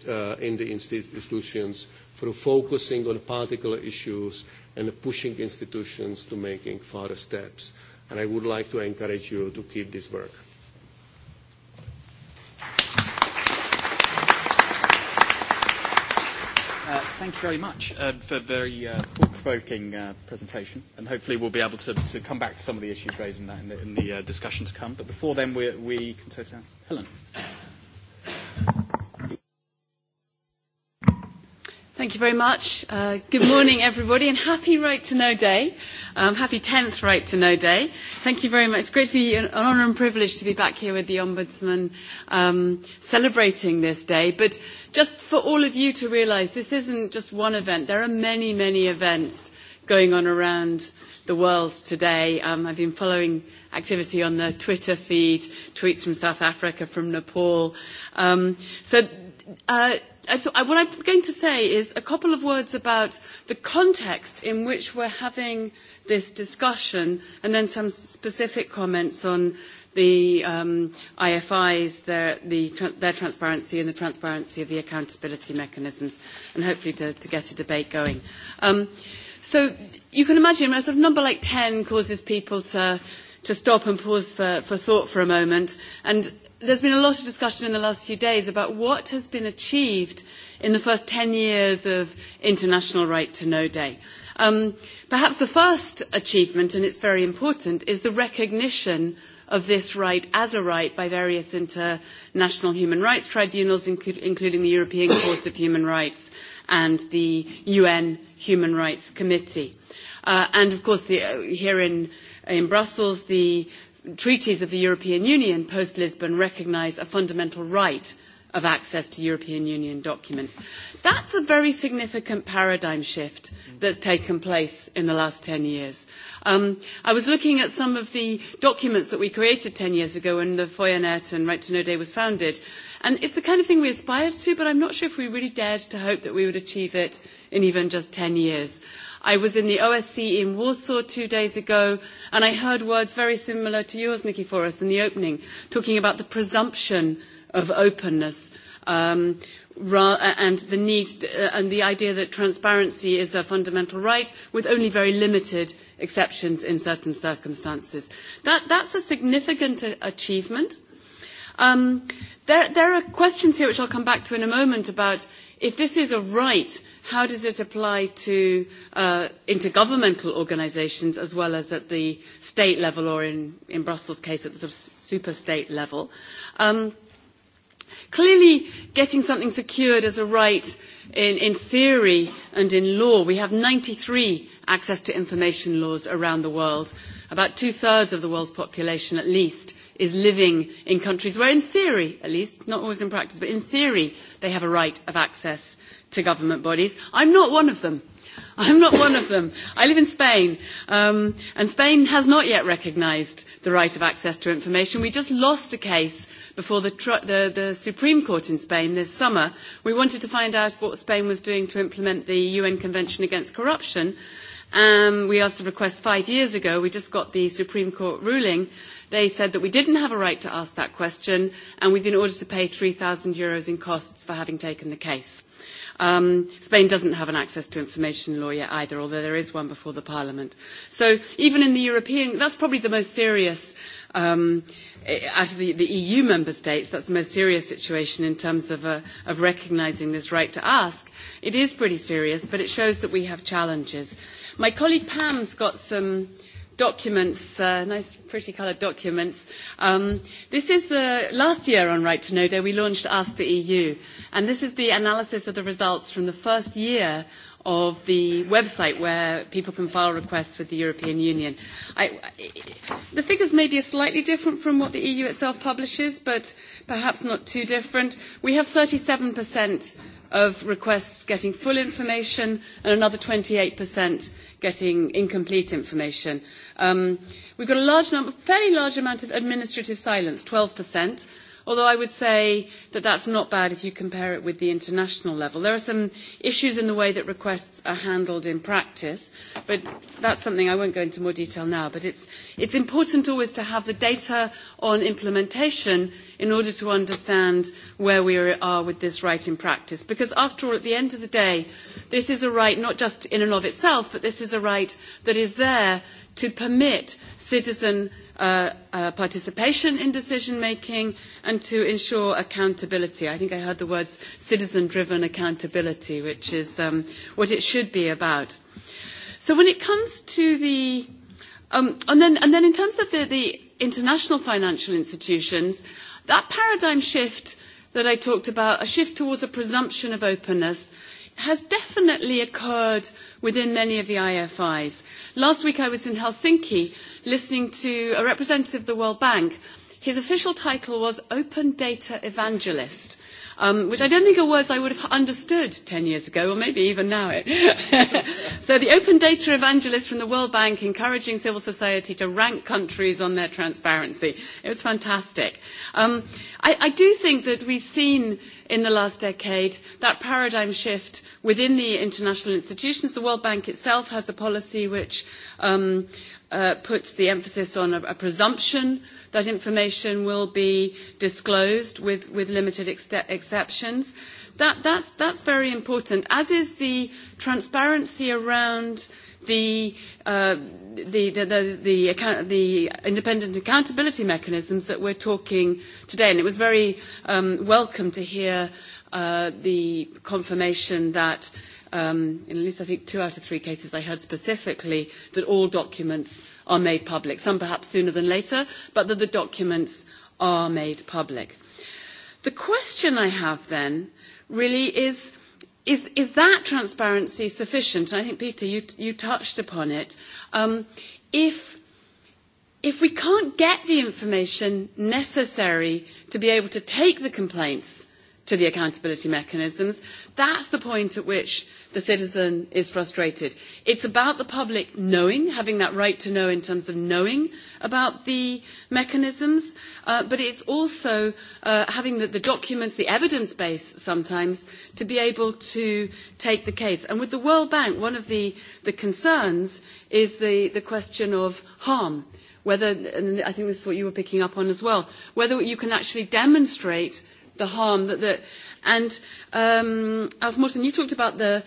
uh, in the institutions through focusing on particular issues and pushing institutions to making further steps. And I would like to encourage you to keep this work. Uh, thank you very much uh, for a very uh, thought-provoking uh, presentation, and hopefully we'll be able to, to come back to some of the issues raised in, that, in the, in the uh, discussion to come. But before then, we, we can turn to Helen. Thank you very much. Uh, good morning, everybody, and happy Right to Know Day. Um, happy 10th Right to Know Day. Thank you very much. It's great to be an, an honour and privilege to be back here with the Ombudsman um, celebrating this day. But just for all of you to realise, this isn't just one event. There are many, many events going on around the world today. Um, I've been following activity on the Twitter feed, tweets from South Africa, from Nepal. Um, so uh, Uh, so I, uh, what I'm going to say is a couple of words about the context in which we're having this discussion, and then some specific comments on the um, IFIs, their, the, their transparency, and the transparency of the accountability mechanisms, and hopefully to, to get a debate going. Um, so you can imagine a sort of number like 10 causes people to to stop and pause for, for thought for a moment. And there's been a lot of discussion in the last few days about what has been achieved in the first 10 years of International Right to Know Day. Um, perhaps the first achievement, and it's very important, is the recognition of this right as a right by various international human rights tribunals, inc including the European Court of Human Rights and the UN Human Rights Committee. Uh, and of course, the, uh, here in In Brussels, the treaties of the European Union post-Lisbon recognise a fundamental right of access to European Union documents. That's a very significant paradigm shift that's taken place in the last 10 years. Um, I was looking at some of the documents that we created 10 years ago when the Foyanet and Right to Know Day was founded. And it's the kind of thing we aspired to, but I'm not sure if we really dared to hope that we would achieve it in even just 10 years. I was in the OSCE in Warsaw two days ago, and I heard words very similar to yours, Nikiforos, in the opening, talking about the presumption of openness. Um, uh, and the need uh, and the idea that transparency is a fundamental right with only very limited exceptions in certain circumstances. That, that's a significant uh, achievement. Um, there, there are questions here which I'll come back to in a moment about If this is a right, how does it apply to uh, intergovernmental organisations as well as at the state level or in, in Brussels' case at the sort of super state level? Um, clearly, getting something secured as a right in, in theory and in law, we have 93 access to information laws around the world. About two-thirds of the world's population at least is living in countries where, in theory at least, not always in practice, but in theory, they have a right of access to government bodies. I'm not one of them. I'm not one of them. I live in Spain, um, and Spain has not yet recognised the right of access to information. We just lost a case before the, the, the Supreme Court in Spain this summer. We wanted to find out what Spain was doing to implement the UN Convention Against Corruption Um, we asked a request five years ago. We just got the Supreme Court ruling. They said that we didn't have a right to ask that question, and we've been ordered to pay 3,000 euros in costs for having taken the case. Um, Spain doesn't have an access to information law yet either, although there is one before the Parliament. So even in the European, that's probably the most serious um, eh, out of the, the EU member states, that's the most serious situation in terms of, uh, of recognising this right to ask. It is pretty serious, but it shows that we have challenges. My colleague Pam's got some documents, uh, nice pretty coloured documents. Um, this is the last year on Right to Know Day we launched Ask the EU, and this is the analysis of the results from the first year of the website where people can file requests with the European Union. I, I, the figures may be slightly different from what the EU itself publishes, but perhaps not too different. We have 37% of requests getting full information and another 28% getting incomplete information. Um, we've got a large number, fairly large amount of administrative silence, 12% although I would say that that's not bad if you compare it with the international level. There are some issues in the way that requests are handled in practice, but that's something I won't go into more detail now. But it's, it's important always to have the data on implementation in order to understand where we are with this right in practice. Because after all, at the end of the day, this is a right not just in and of itself, but this is a right that is there to permit citizen uh, uh, participation in decision making and to ensure accountability. I think I heard the words citizen driven accountability, which is um, what it should be about. So when it comes to the, um, and, then, and then in terms of the, the international financial institutions, that paradigm shift that I talked about, a shift towards a presumption of openness has definitely occurred within many of the IFIs. Last week I was in Helsinki listening to a representative of the World Bank. His official title was Open Data Evangelist um, which I don't think are words I would have understood 10 years ago, or maybe even now it. so the open data evangelist from the World Bank encouraging civil society to rank countries on their transparency. It was fantastic. Um, I, I do think that we've seen in the last decade that paradigm shift within the international institutions. The World Bank itself has a policy which um, uh, puts the emphasis on a, a presumption That information will be disclosed with, limited exceptions. that's, very important, as is the transparency around uh, the, independent accountability mechanisms that we're talking today. And it was very um, welcome to hear uh, the confirmation that um, in at least I think two out of three cases I heard specifically that all documents are made public, some perhaps sooner than later, but that the documents are made public. The question I have then really is, is, is that transparency sufficient? I think, Peter, you, you touched upon it. Um, if, if we can't get the information necessary to be able to take the complaints to the accountability mechanisms, that's the point at which the citizen is frustrated. It's about the public knowing, having that right to know in terms of knowing about the mechanisms, uh, but it's also uh, having the, the documents, the evidence base sometimes, to be able to take the case. And with the World Bank, one of the, the concerns is the, the question of harm. Whether, and I think this is what you were picking up on as well, whether you can actually demonstrate the harm that the and um, Alf Morton, you talked about the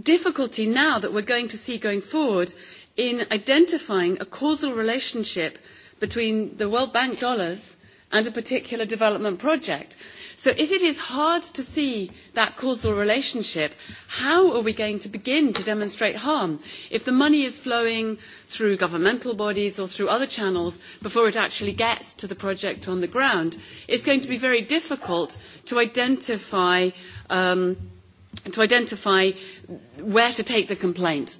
difficulty now that we're going to see going forward in identifying a causal relationship between the World Bank dollars and a particular development project. So if it is hard to see that causal relationship, how are we going to begin to demonstrate harm if the money is flowing through governmental bodies or through other channels before it actually gets to the project on the ground? It's going to be very difficult to identify um, to identify where to take the complaint.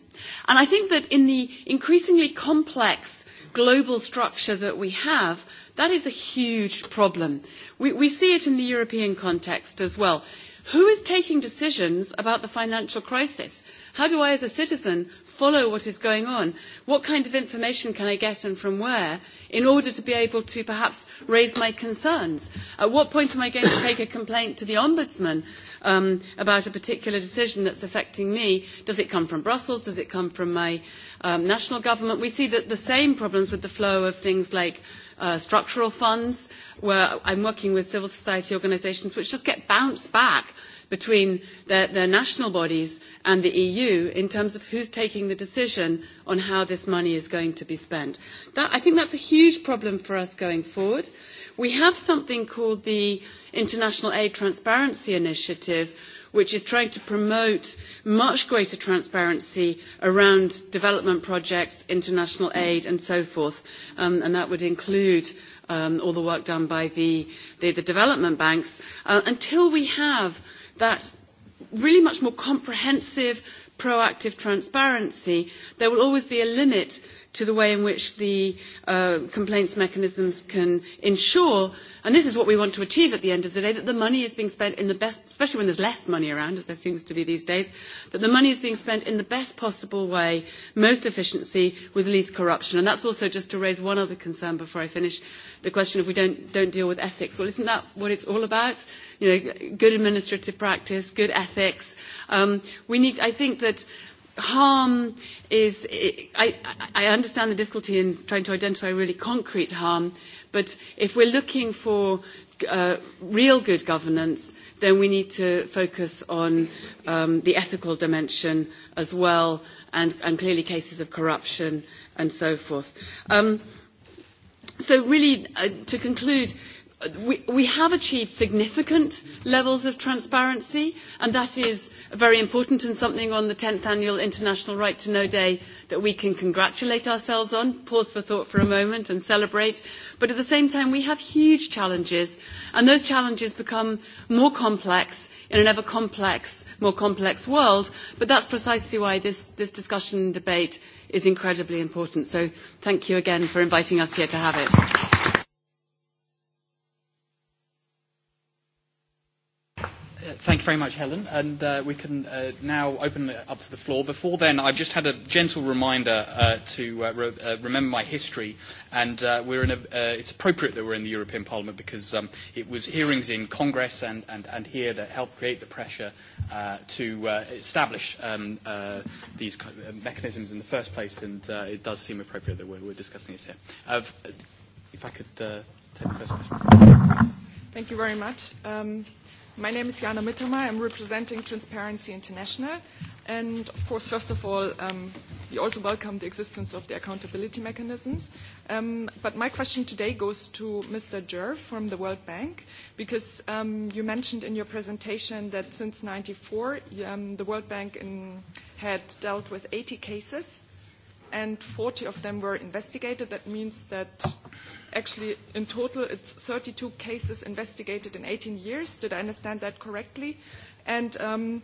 And I think that in the increasingly complex global structure that we have, That is a huge problem. We, we see it in the European context as well. Who is taking decisions about the financial crisis? How do I, as a citizen, follow what is going on? What kind of information can I get and from where in order to be able to perhaps raise my concerns? At what point am I going to take a complaint to the Ombudsman um, about a particular decision that's affecting me? Does it come from Brussels? Does it come from my um, national government? We see that the same problems with the flow of things like Uh, structural funds, where I'm working with civil society organisations, which just get bounced back between their, their national bodies and the EU in terms of who's taking the decision on how this money is going to be spent. That, I think that's a huge problem for us going forward. We have something called the International Aid Transparency Initiative, which is trying to promote much greater transparency around development projects, international aid, and so forth. Um, and that would include um, all the work done by the, the, the development banks. Uh, until we have that really much more comprehensive, proactive transparency, there will always be a limit to the way in which the uh, complaints mechanisms can ensure, and this is what we want to achieve at the end of the day, that the money is being spent in the best, especially when there's less money around, as there seems to be these days, that the money is being spent in the best possible way, most efficiency, with least corruption. And that's also just to raise one other concern before I finish, the question of we don't, don't deal with ethics. Well, isn't that what it's all about? You know, good administrative practice, good ethics. Um, we need, I think that harm is, it, I, I understand the difficulty in trying to identify really concrete harm, but if we're looking for uh, real good governance, then we need to focus on um, the ethical dimension as well, and, and clearly cases of corruption and so forth. Um, so really, uh, to conclude, we, we have achieved significant levels of transparency, and that is very important and something on the 10th Annual International Right to Know Day that we can congratulate ourselves on, pause for thought for a moment and celebrate. But at the same time, we have huge challenges, and those challenges become more complex in an ever complex, more complex world. But that's precisely why this, this discussion and debate is incredibly important. So thank you again for inviting us here to have it. Thank you very much, Helen. And uh, we can uh, now open it up to the floor. Before then, I've just had a gentle reminder uh, to uh, re- uh, remember my history. And uh, we're in a, uh, it's appropriate that we're in the European Parliament because um, it was hearings in Congress and, and, and here that helped create the pressure uh, to uh, establish um, uh, these uh, mechanisms in the first place. And uh, it does seem appropriate that we're, we're discussing this here. Uh, if I could uh, take the first question. Thank you very much. Um, my name is Jana I I'm representing Transparency International. And of course, first of all, um, we also welcome the existence of the accountability mechanisms. Um, but my question today goes to Mr. Jur from the World Bank, because um, you mentioned in your presentation that since 1994 um, the World Bank in, had dealt with 80 cases, and 40 of them were investigated. That means that actually in total it's 32 cases investigated in 18 years. Did I understand that correctly? And um,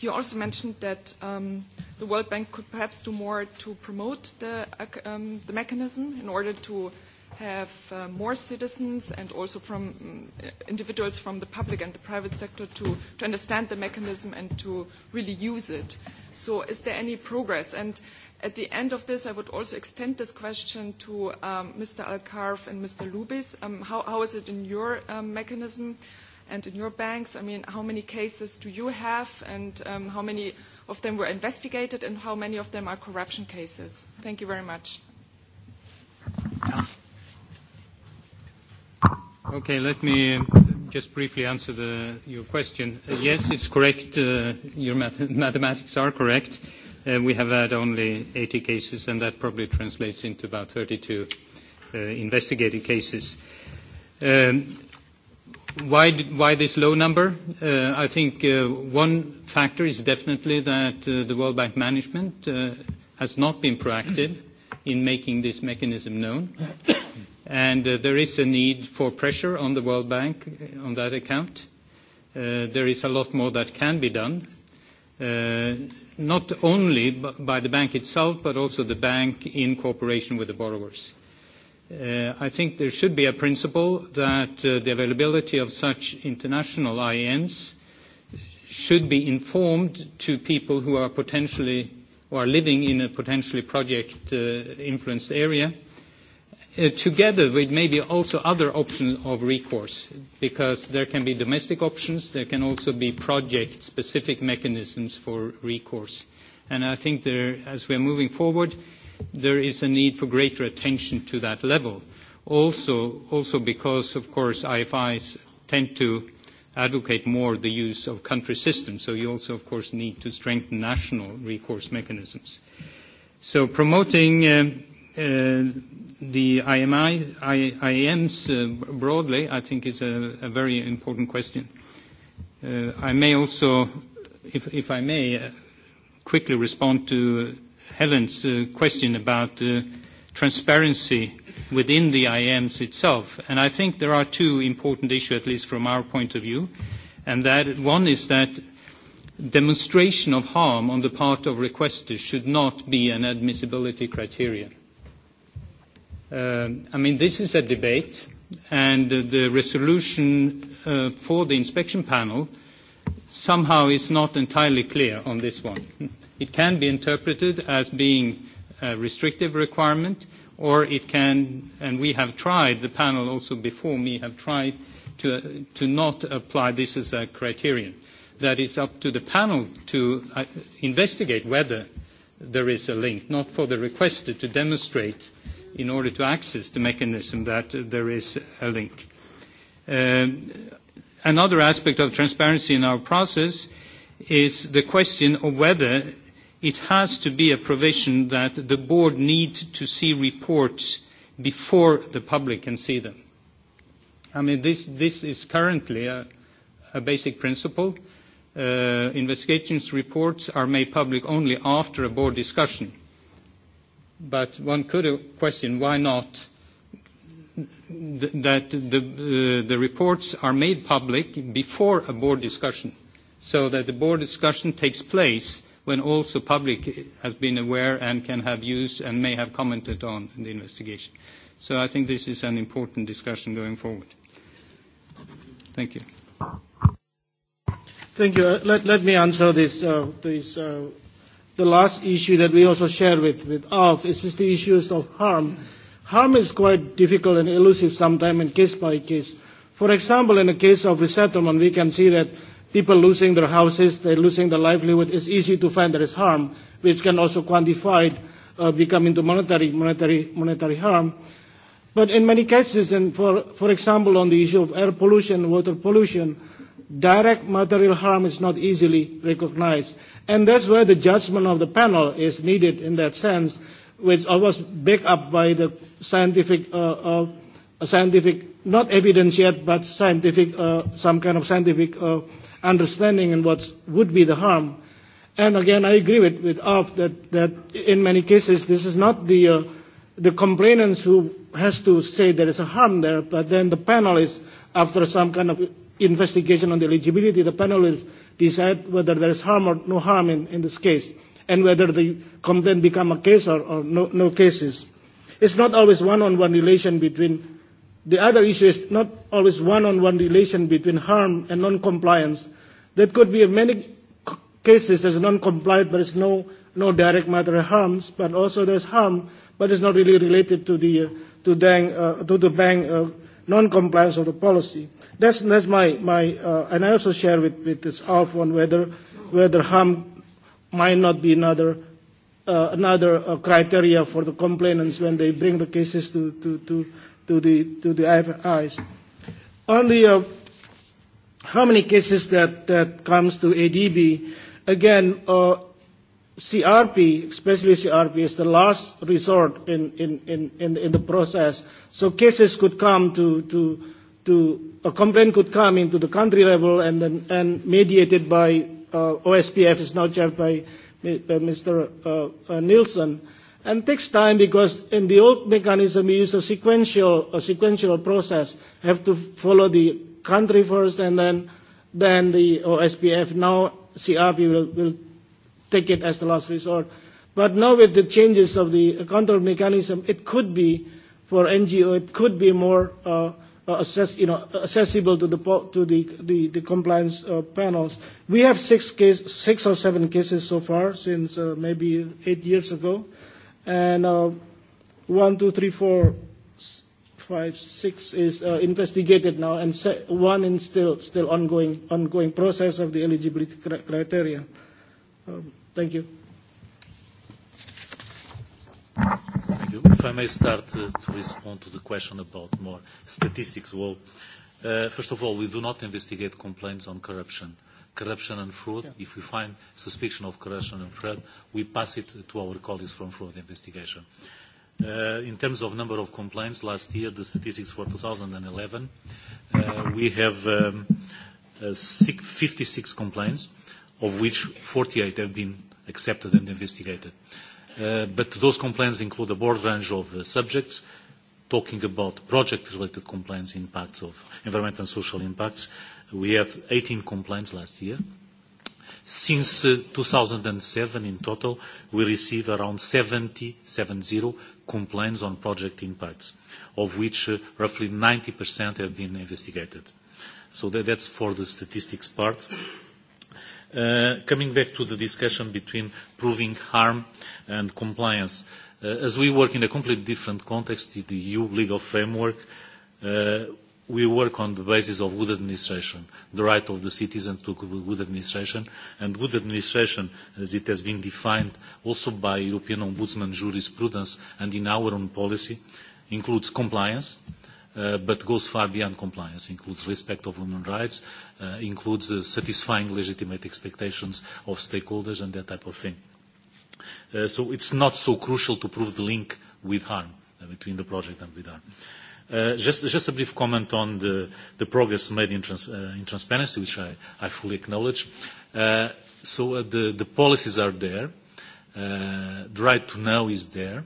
you also mentioned that um, the World Bank could perhaps do more to promote the, um, the mechanism in order to have uh, more citizens and also from mm, individuals from the public and the private sector to, to understand the mechanism and to really use it. So is there any progress? And At the end of this, I would also extend this question to um, Mr. Alcarf and Mr. Lubis. Um, how, how is it in your um, mechanism and in your banks? I mean, how many cases do you have, and um, how many of them were investigated, and how many of them are corruption cases? Thank you very much. Okay, let me just briefly answer the, your question. Yes, it's correct. Uh, your math- mathematics are correct. Uh, Uh, we have had only 80 cases, and that probably translates into about 32 uh, investigated cases. Um, why, this low number? Uh, I think one factor is definitely that the World Bank management has not been proactive in making this mechanism known. and There is a need for pressure on the World Bank on that account. There is a lot more that can be done not only by the bank itself, but also the bank in cooperation with the borrowers. Uh, I think there should be a principle that uh, the availability of such international IANs should be informed to people who are potentially or are living in a potentially project uh, influenced area Uh, together with maybe also other options of recourse, because there can be domestic options, there can also be project-specific mechanisms for recourse. And I think there, as we're moving forward, there is a need for greater attention to that level. Also, also because, of course, IFIs tend to advocate more the use of country systems, so you also, of course, need to strengthen national recourse mechanisms. So promoting um, Uh, the IAMs uh, broadly, I think is a, very important question. Uh, I may also, if, I may, quickly respond to Helen's question about transparency within the IAMs itself. And I think there are two important issues, at least from our point of view, and that one is that demonstration of harm on the part of requesters should not be an admissibility criterion. Uh, I mean, this is a debate, and the resolution uh, for the inspection panel somehow is not entirely clear on this one. It can be interpreted as being a restrictive requirement, or it can, and we have tried, the panel also before me have tried to, uh, to not apply this as a criterion. That is up to the panel to uh, investigate whether there is a link, not for the requester to demonstrate in order to access the mechanism that there is a link. Um, another aspect of transparency in our process is the question of whether it has to be a provision that the board needs to see reports before the public can see them. I mean, this, this is currently a, a basic principle. Uh, investigations reports are made public only after a board discussion But one could question why not th that the, uh, the reports are made public before a board discussion, so that the board discussion takes place when also public has been aware and can have used and may have commented on the investigation. So I think this is an important discussion going forward. Thank you. Thank you. Uh, let, let me answer this, uh, this uh, the last issue that we also share with, with ALF is just the issues of harm. Harm is quite difficult and elusive sometimes and case by case. For example, in the case of resettlement, we can see that people losing their houses, they're losing their livelihood, it's easy to find there is harm, which can also quantified uh, become into monetary, monetary, monetary harm. But in many cases, and for, for example, on the issue of air pollution, water pollution, direct material harm is not easily recognized. And that's where the judgment of the panel is needed in that sense, which was backed up by the scientific, uh, uh, scientific, not evidence yet, but scientific, uh, some kind of scientific uh, understanding and what would be the harm. And again, I agree with, with Alf that, that in many cases, this is not the, uh, the complainants who has to say there is a harm there, but then the panel is after some kind of investigation on the eligibility, the panel will decide whether there is harm or no harm in, in this case and whether the complaint become a case or, or no, no cases. It's not always one-on-one -on -one relation between, the other issue is not always one-on-one -on -one relation between harm and non-compliance. There could be many cases as non-compliant, but it's no, no direct matter of harms, but also there's harm, but it's not really related to the, uh, to, dang, uh, to the bank uh, non-compliance of the policy. That's, that's my, my uh, and I also share with, with this Alf on whether, whether harm might not be another, uh, another uh, criteria for the complainants when they bring the cases to, to, to, to the, to the IFIs. On the, uh, how many cases that, that comes to ADB, again, uh, CRP, especially CRP, is the last resort in, in, in, in, in the process. So cases could come to, to, to a complaint could come into the country level and then and mediated by uh, OSPF is now chaired by, by Mr. Uh, uh, Nielsen. And takes time because in the old mechanism we use a sequential, a sequential process. Have to follow the country first and then, then the OSPF. Now CRP will, will take it as the last resort. But now with the changes of the control mechanism, it could be for NGO, it could be more uh, uh, assess, you know, accessible to the to the the, the compliance uh, panels. We have six case, six or seven cases so far since uh, maybe eight years ago, and uh, one, two, three, four, five, six is uh, investigated now, and se- one is still still ongoing ongoing process of the eligibility cr- criteria. Um, thank you. Thank you. If I may start uh, to respond to the question about more statistics. Well, uh, first of all, we do not investigate complaints on corruption. Corruption and fraud, yeah. if we find suspicion of corruption and fraud, we pass it to our colleagues from fraud investigation. Uh, in terms of number of complaints, last year, the statistics for 2011, we have 56 um, complaints of which 48 have been accepted and investigated. Uh, but those complaints include a broad range of uh, subjects, talking about project-related complaints, impacts of environmental and social impacts. We have 18 complaints last year. Since uh, 2007 in total, we receive around 70, 70 complaints on project impacts, of which uh, roughly 90% have been investigated. So that, that's for the statistics part. Uh, coming back to the discussion between proving harm and compliance, uh, as we work in a completely different context, in the EU legal framework, uh, we work on the basis of good administration, the right of the citizens to good administration, and good administration, as it has been defined also by European Ombudsman jurisprudence and in our own policy, includes compliance, uh, Uh, but goes far beyond compliance, includes respect of human rights, uh, includes uh, satisfying legitimate expectations of stakeholders and that type of thing. Uh, so it's not so crucial to prove the link with harm, uh, between the project and with harm. Uh, just, just a brief comment on the, the progress made in, trans, uh, in transparency, which I, I fully acknowledge. Uh, so uh, the, the policies are there. Uh, the right to know is there.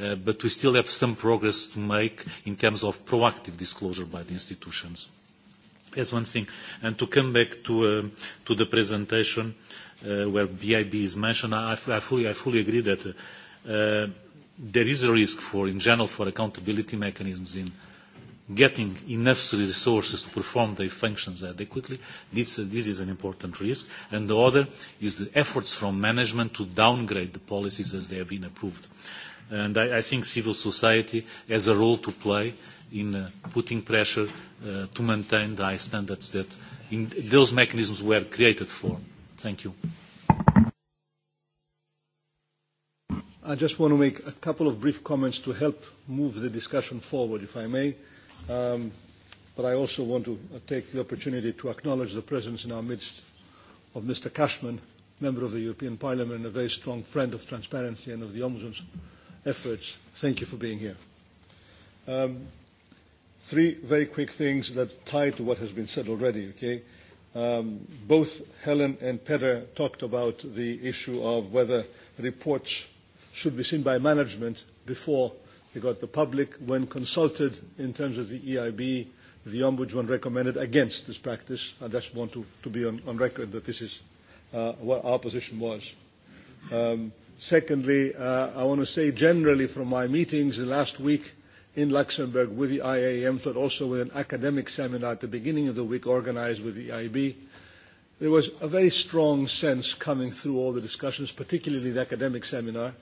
Uh, but we still have some progress to make in terms of proactive disclosure by the institutions. That's one thing. And to come back to, uh, the presentation uh, where BIB is mentioned, I, fully, agree that there is a risk for, in general, for accountability mechanisms in getting enough resources to perform their functions adequately. This, is an important risk. And the other is the efforts from management to downgrade the policies as they have been approved. And I, I think civil society has a role to play in uh, putting pressure uh, to maintain the high standards that in those mechanisms were created for. Thank you. I just want to make a couple of brief comments to help move the discussion forward, if I may. Um, but I also want to uh, take the opportunity to acknowledge the presence in our midst of Mr. Cashman, member of the European Parliament, and a very strong friend of transparency and of the Ombudsman's efforts. Thank you for being here. Um, three very quick things that tie to what has been said already, okay? Um, both Helen and Peter talked about the issue of whether reports should be seen by management before they got the public. When consulted in terms of the EIB, the Ombudsman recommended against this practice. I just want to, to be on, on record that this is uh, what our position was. Um, Secondly, uh, I want to say generally from my meetings last week in Luxembourg with the IAM, but also with an academic seminar at the beginning of the week organized with the e IB, there was a very strong sense coming through all the discussions, particularly the academic seminar,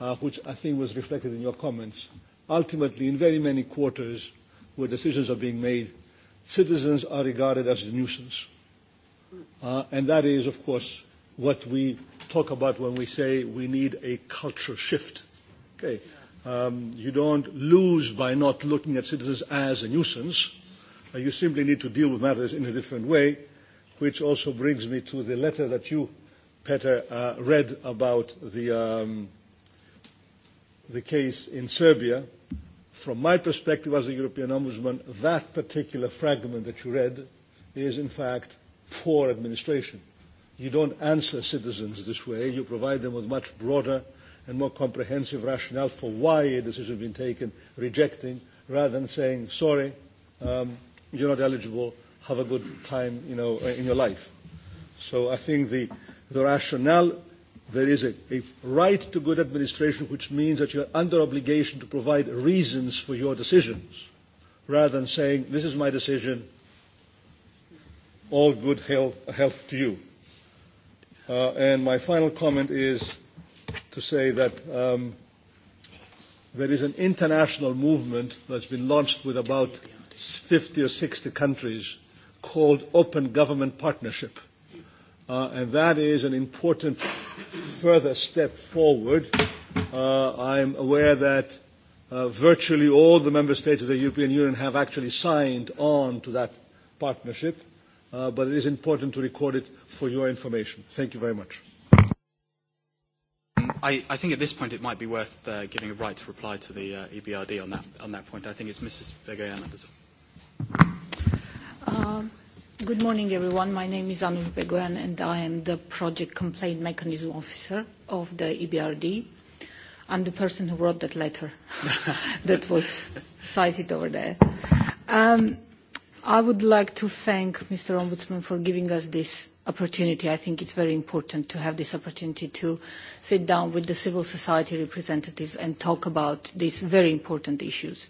uh, which I think was reflected in your comments. Ultimately, in very many quarters where decisions are being made, citizens are regarded as a nuisance. Uh, and that is, of course, what we talk about when we say we need a culture shift. Okay. Um, you don't lose by not looking at citizens as a nuisance. Uh, you simply need to deal with matters in a different way, which also brings me to the letter that you, Peter, uh, read about the, um, the case in Serbia. From my perspective as a European Ombudsman, that particular fragment that you read is, in fact, poor administration. You don't answer citizens this way. You provide them with much broader and more comprehensive rationale for why a decision has been taken, rejecting, rather than saying, sorry, um, you're not eligible, have a good time you know, uh, in your life. So I think the, the rationale, there is a, a right to good administration, which means that you're under obligation to provide reasons for your decisions, rather than saying, this is my decision, all good health, health to you. Uh, and my final comment is to say that um, there is an international movement that's been launched with about 50 or 60 countries called Open Government Partnership. Uh, and that is an important further step forward. Uh, I'm aware that uh, virtually all the member states of the European Union have actually signed on to that partnership. Uh, but it is important to record it for your information. Thank you very much. I, I think at this point it might be worth uh, giving a right to reply to the uh, EBRD on that, on that point. I think it's Mrs. Begoyan. Uh, um, good morning, everyone. My name is Anush Begoyan, and I am the Project Complaint Mechanism Officer of the EBRD. I'm the person who wrote that letter that was cited over there. Um, i would like to thank Mr. Ombudsman for giving us this opportunity. I think it's very important to have this opportunity to sit down with the civil society representatives and talk about these very important issues.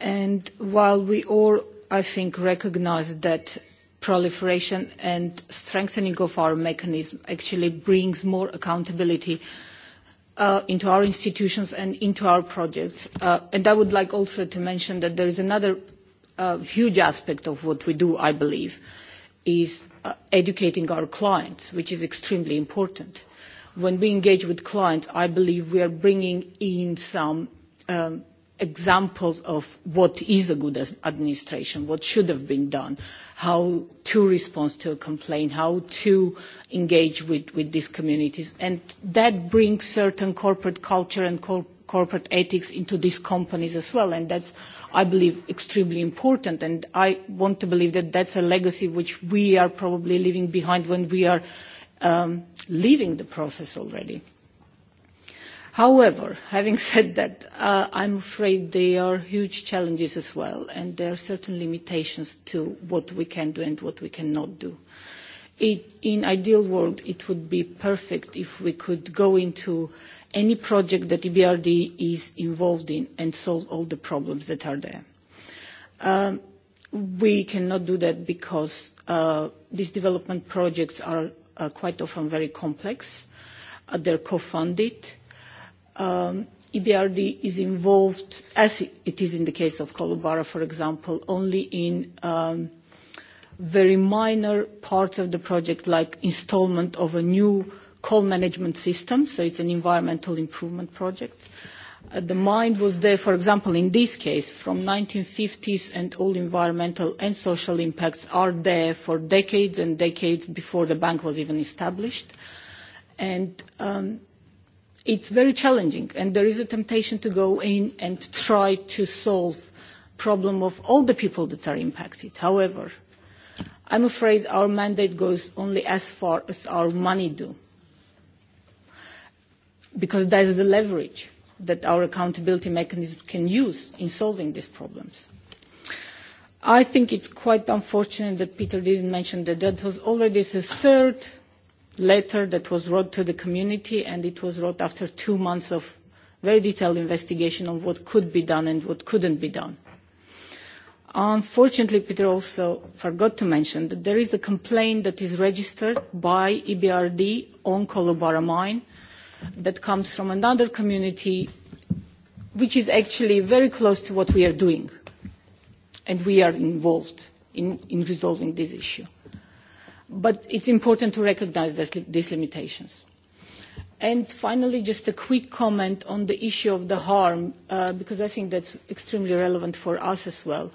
And while we all, I think, recognize that proliferation and strengthening of our mechanism actually brings more accountability uh, into our institutions and into our projects. Uh, and I would like also to mention that there is another a huge aspect of what we do, I believe, is uh, educating our clients, which is extremely important. When we engage with clients, I believe we are bringing in some um, examples of what is a good administration, what should have been done, how to respond to a complaint, how to engage with, these communities. And that brings certain corporate culture and corporate ethics into these companies as well. And that's i believe, extremely important. And I want to believe that that's a legacy which we are probably leaving behind when we are um, leaving the process already. However, having said that, uh, I'm afraid there are huge challenges as well, and there are certain limitations to what we can do and what we cannot do in ideal world, it would be perfect if we could go into any project that EBRD is involved in and solve all the problems that are there. Um, we cannot do that because uh, these development projects are quite often very complex. they uh, they're co-funded. Um, EBRD is involved, as it is in the case of Kolubara, for example, only in um, very minor parts of the project, like installment of a new coal management system, so it's an environmental improvement project. Uh, the mine was there, for example, in this case, from 1950s, and all environmental and social impacts are there for decades and decades before the bank was even established. And um, it's very challenging, and there is a temptation to go in and try to solve problem of all the people that are impacted. However, I'm afraid our mandate goes only as far as our money do, because that is the leverage that our accountability mechanism can use in solving these problems. I think it's quite unfortunate that Peter didn't mention that that was already the third letter that was wrote to the community, and it was wrote after two months of very detailed investigation on what could be done and what couldn't be done. Unfortunately, Peter also forgot to mention that there is a complaint that is registered by EBRD on Kolobara mine that comes from another community, which is actually very close to what we are doing. And we are involved in, in resolving this issue. But it's important to recognize this, these limitations. And finally, just a quick comment on the issue of the harm, uh, because I think that's extremely relevant for us as well. Uh,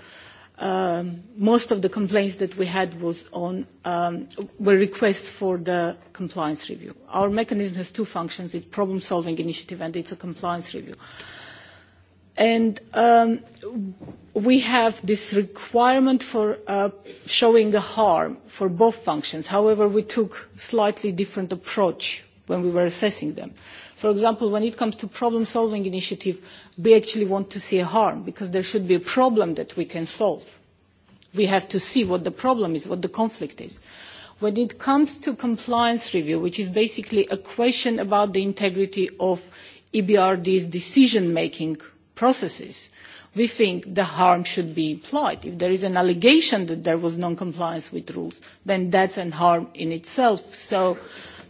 Um, most of the complaints that we had was on um, were requests for the compliance review. Our mechanism has two functions: it's problem-solving initiative and it's a compliance review. And um, we have this requirement for uh, showing the harm for both functions. However, we took slightly different approach when we were assessing them. For example, when it comes to problem-solving initiative, we actually want to see a harm because there should be a problem that we can solve. We have to see what the problem is, what the conflict is. When it comes to compliance review, which is basically a question about the integrity of EBRD's decision-making processes, we think the harm should be applied. If there is an allegation that there was non-compliance with rules, then that's a harm in itself. So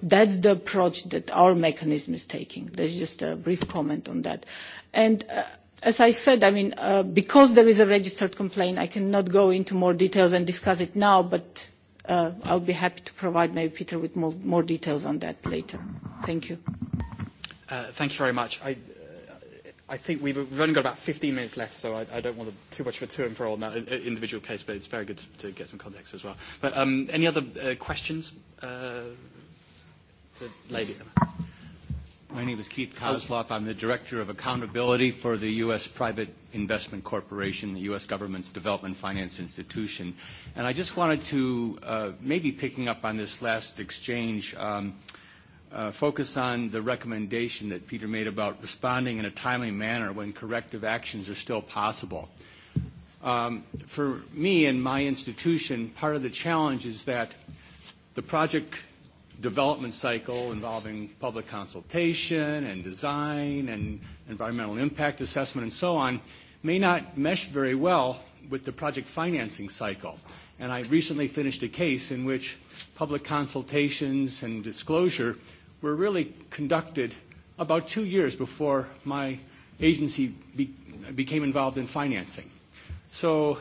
That's the approach that our mechanism is taking. There's just a brief comment on that. And uh, as I said, I mean, uh, because there is a registered complaint, I cannot go into more details and discuss it now, but uh, I'll be happy to provide maybe Peter with more, more details on that later. Thank you. Uh, thank you very much. I, uh, I think we've, we've only got about 15 minutes left, so I, I don't want to, too much of a to and fro on that uh, individual case, but it's very good to, to get some context as well. But um, any other uh, questions? Uh, the lady. My name is Keith Kosloff. Oh. I'm the Director of Accountability for the U.S. Private Investment Corporation, the U.S. government's development finance institution. And I just wanted to, uh, maybe picking up on this last exchange, um, uh, focus on the recommendation that Peter made about responding in a timely manner when corrective actions are still possible. Um, for me and my institution, part of the challenge is that the project development cycle involving public consultation and design and environmental impact assessment and so on may not mesh very well with the project financing cycle. And I recently finished a case in which public consultations and disclosure were really conducted about two years before my agency became involved in financing. So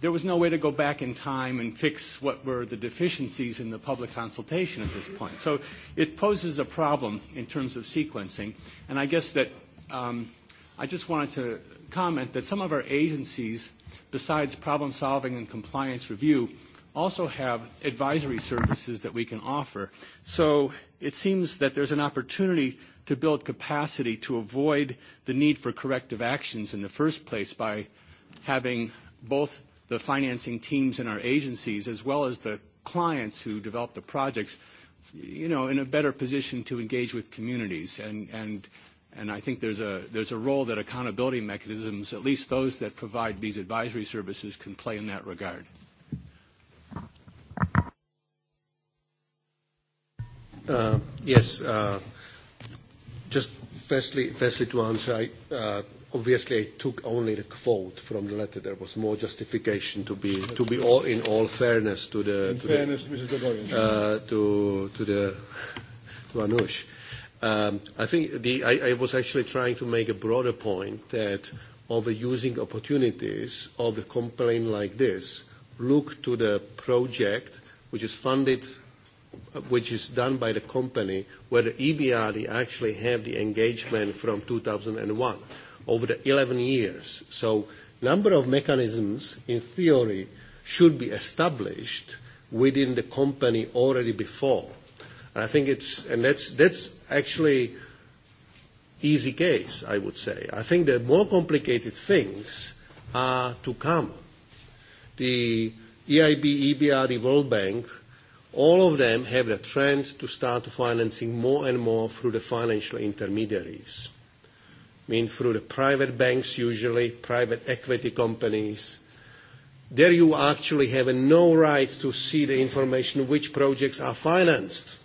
there was no way to go back in time and fix what were the deficiencies in the public consultation at this point. So it poses a problem in terms of sequencing. And I guess that um, I just wanted to comment that some of our agencies, besides problem solving and compliance review, also have advisory services that we can offer. So it seems that there's an opportunity to build capacity to avoid the need for corrective actions in the first place by having both the financing teams in our agencies, as well as the clients who develop the projects, you know, in a better position to engage with communities. And, and, and I think there's a, there's a role that accountability mechanisms, at least those that provide these advisory services, can play in that regard. Uh, yes. Uh, just firstly, firstly to answer, uh, obviously I took only the quote from the letter. There was more justification to be to be all in all fairness to the in to fairness the, to Mrs. Uh, to to the to Anush. Um, I think the I, I was actually trying to make a broader point that overusing opportunities of a complaint like this. Look to the project which is funded which is done by the company where the EBRD actually have the engagement from 2001 over the 11 years. So number of mechanisms, in theory, should be established within the company already before. And I think it's, and that's, that's actually easy case, I would say. I think the more complicated things are to come. The EIB, EBR, the World Bank, all of them have the trend to start financing more and more through the financial intermediaries mean through the private banks usually, private equity companies. There you actually have no right to see the information which projects are financed.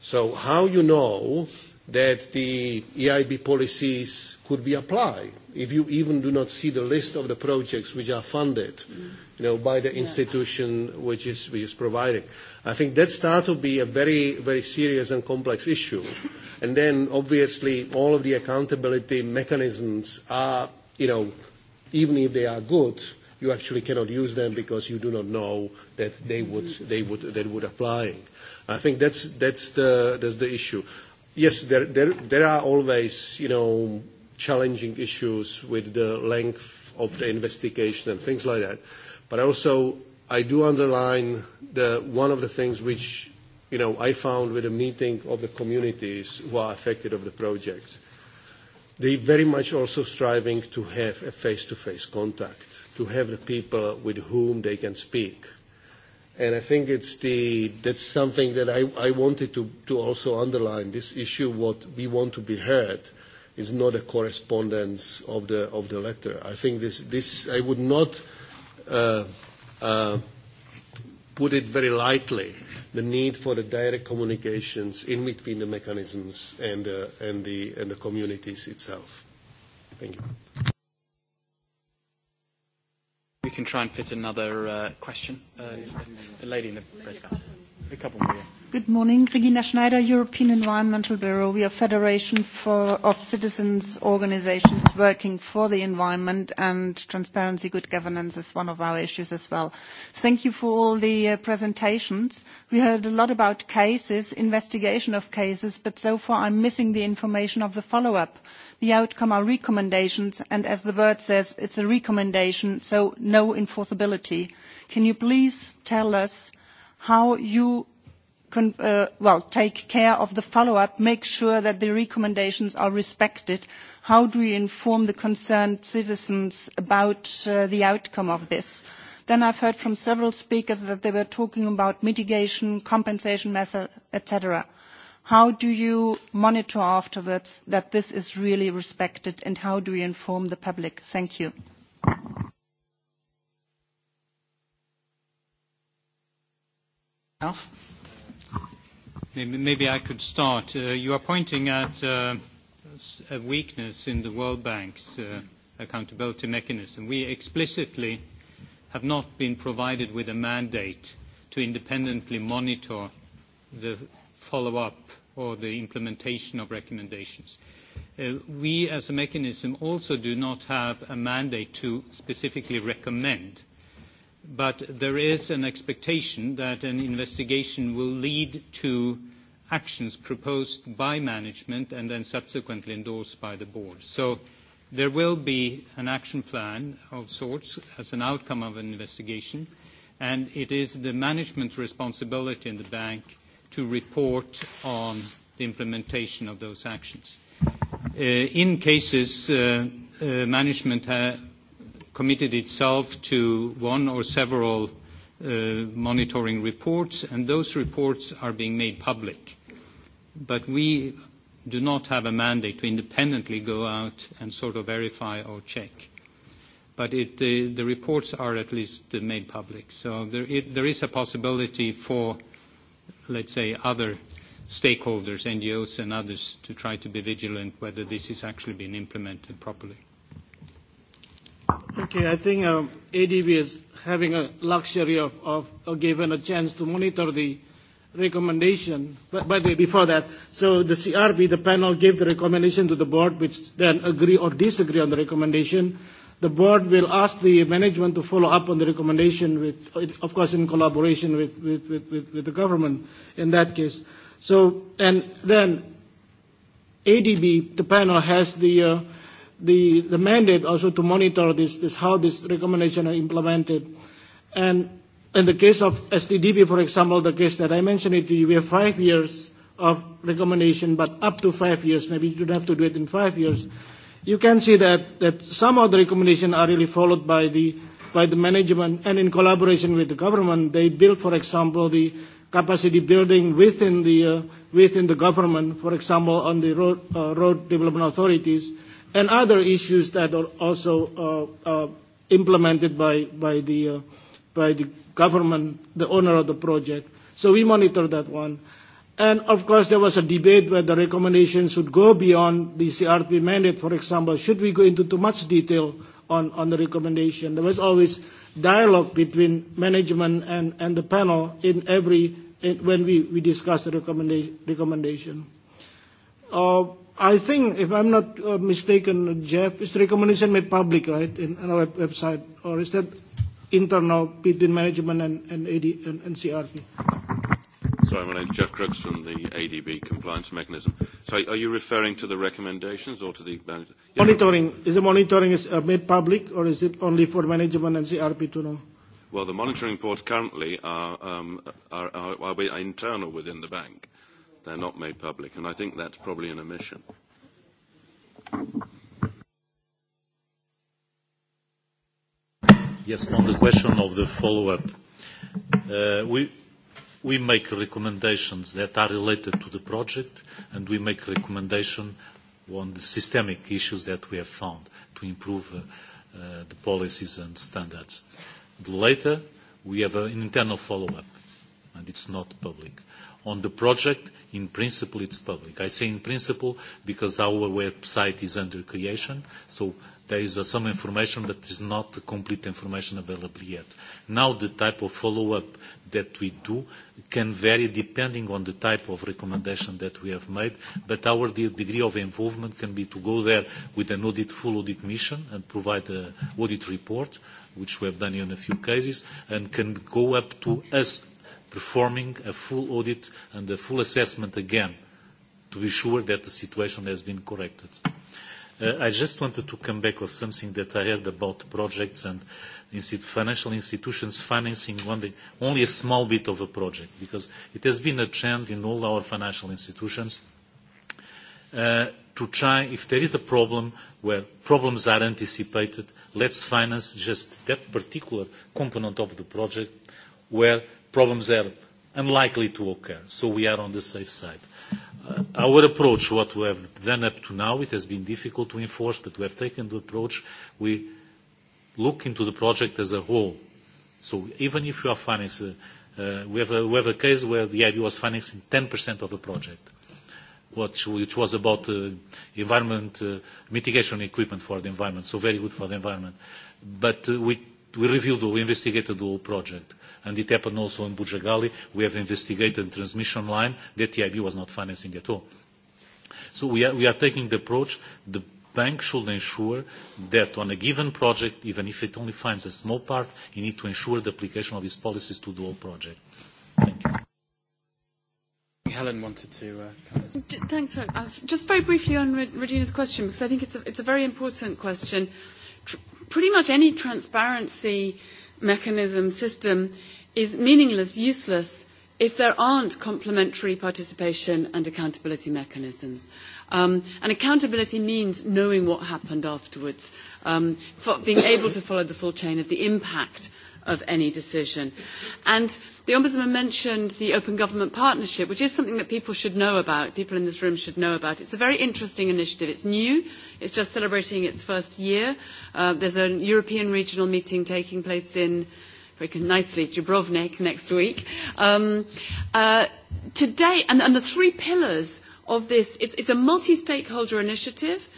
So how you know that the EIB policies could be applied. If you even do not see the list of the projects which are funded, mm. you know, by the institution which is which is providing, I think that starts to be a very very serious and complex issue. and then obviously all of the accountability mechanisms are, you know, even if they are good, you actually cannot use them because you do not know that they would they would they would apply. I think that's that's the that's the issue yes, there, there, there are always, you know, challenging issues with the length of the investigation and things like that. But also, I do underline the, one of the things which, you know, I found with the meeting of the communities who are affected of the projects. They very much also striving to have a face-to-face -face contact, to have the people with whom they can speak And I think it's the, that's something that I, I wanted to, to also underline. This issue, what we want to be heard, is not a correspondence of the, of the letter. I think this, this I would not uh, uh, put it very lightly, the need for the direct communications in between the mechanisms and, uh, and, the, and the communities itself. Thank you. We can try and fit another uh, question. Uh, the lady in the red Good morning. Regina Schneider, European Environmental Bureau. We are a federation for, of citizens' organizations working for the environment, and transparency, good governance is one of our issues as well. Thank you for all the uh, presentations. We heard a lot about cases, investigation of cases, but so far I'm missing the information of the follow-up. The outcome are recommendations, and as the word says, it's a recommendation, so no enforceability. Can you please tell us how you uh, take care of the follow-up, make sure that the recommendations are respected. How do you inform the concerned citizens about uh, the outcome of this? Then I've heard from several speakers that they were talking about mitigation, compensation method, etc. How do you monitor afterwards that this is really respected, and how do you inform the public? Thank you. Alf? Maybe, maybe I could start. Uh, you are pointing at uh, a weakness in the World Bank's uh, accountability mechanism. We explicitly have not been provided with a mandate to independently monitor the follow-up or the implementation of recommendations. Uh, we, as a mechanism, also do not have a mandate to specifically recommend but there is an expectation that an investigation will lead to actions proposed by management and then subsequently endorsed by the board. So there will be an action plan of sorts as an outcome of an investigation, and it is the management responsibility in the bank to report on the implementation of those actions. Uh, in cases, uh, uh, management ha committed itself to one or several uh, monitoring reports, and those reports are being made public. But we do not have a mandate to independently go out and sort of verify or check. But it, the, the reports are at least made public. So there, it, there is a possibility for, let's say, other stakeholders, NGOs and others, to try to be vigilant whether this is actually being implemented properly. Okay, I think um, ADB is having a luxury of, of, of given a chance to monitor the recommendation. But by the way, before that, so the CRB, the panel, gave the recommendation to the board, which then agree or disagree on the recommendation. The board will ask the management to follow up on the recommendation, with, of course, in collaboration with, with, with, with the government in that case. So, and then ADB, the panel, has the uh, the, the mandate also to monitor this, this how these recommendations are implemented. And in the case of SDDB, for example, the case that I mentioned it to you, we have five years of recommendation, but up to five years, maybe you don't have to do it in five years. You can see that, that some of the recommendations are really followed by the, by the management and in collaboration with the government. They build, for example, the capacity building within the, uh, within the government, for example, on the road, uh, road development authorities and other issues that are also uh, uh, implemented by, by, the, uh, by the government, the owner of the project. So we monitor that one. And of course, there was a debate whether recommendations should go beyond the CRP mandate. For example, should we go into too much detail on, on the recommendation? There was always dialogue between management and, and the panel in every in, when we, we discussed the recommendation. recommendation. Uh, i think, if I'm not uh, mistaken, Jeff, is recommendation made public, right, in, in our web website, or is that internal between management and, and AD and, and CRP? Sorry, my name is Jeff Crooks from the ADB compliance mechanism. So are you referring to the recommendations or to the... Yeah. Monitoring. Is the monitoring is uh, made public or is it only for management and CRP to know? Well, the monitoring reports currently are, um, are, are, are internal within the bank they're not made public, and I think that's probably an omission. Yes, on the question of the follow-up, uh, we, we make recommendations that are related to the project, and we make recommendation on the systemic issues that we have found to improve uh, uh, the policies and standards. The later, we have an internal follow-up, and it's not public on the project, in principle, it's public. I say in principle because our website is under creation, so there is uh, some information that is not complete information available yet. Now the type of follow-up that we do can vary depending on the type of recommendation that we have made, but our de degree of involvement can be to go there with an audit, full audit mission and provide an audit report, which we have done in a few cases, and can go up to us performing a full audit and a full assessment again to be sure that the situation has been corrected. Uh, I just wanted to come back on something that I heard about projects and financial institutions financing only, only a small bit of a project, because it has been a trend in all our financial institutions uh, to try, if there is a problem where problems are anticipated, let's finance just that particular component of the project where problems are unlikely to occur, so we are on the safe side. Uh, our approach, what we have done up to now, it has been difficult to enforce, but we have taken the approach we look into the project as a whole. So even if you are financing, uh, we, have a, case where the EIB was financing 10% of a project, which, was about uh, environment mitigation equipment for the environment, so very good for the environment. But we, we reviewed, we investigated the whole project and it happened also in Bujagali. We have investigated transmission line that the EIB was not financing at all. So we are, we are taking the approach the bank should ensure that on a given project, even if it only finds a small part, you need to ensure the application of these policies to the whole project. Thank you. Helen wanted to. Uh, Thanks, Alex. Just very briefly on Regina's question, because I think it's a, it's a very important question. pretty much any transparency mechanism system is meaningless, useless, if there aren't complementary participation and accountability mechanisms. Um, and accountability means knowing what happened afterwards, um, being able to follow the full chain of the impact of any decision. And the Ombudsman mentioned the Open Government Partnership, which is something that people should know about, people in this room should know about. It's a very interesting initiative. It's new. It's just celebrating its first year. Uh, there's a European regional meeting taking place in very nicely Dubrovnik next week. Um, uh, today, and, and the three pillars of this, it's, it's a multi-stakeholder initiative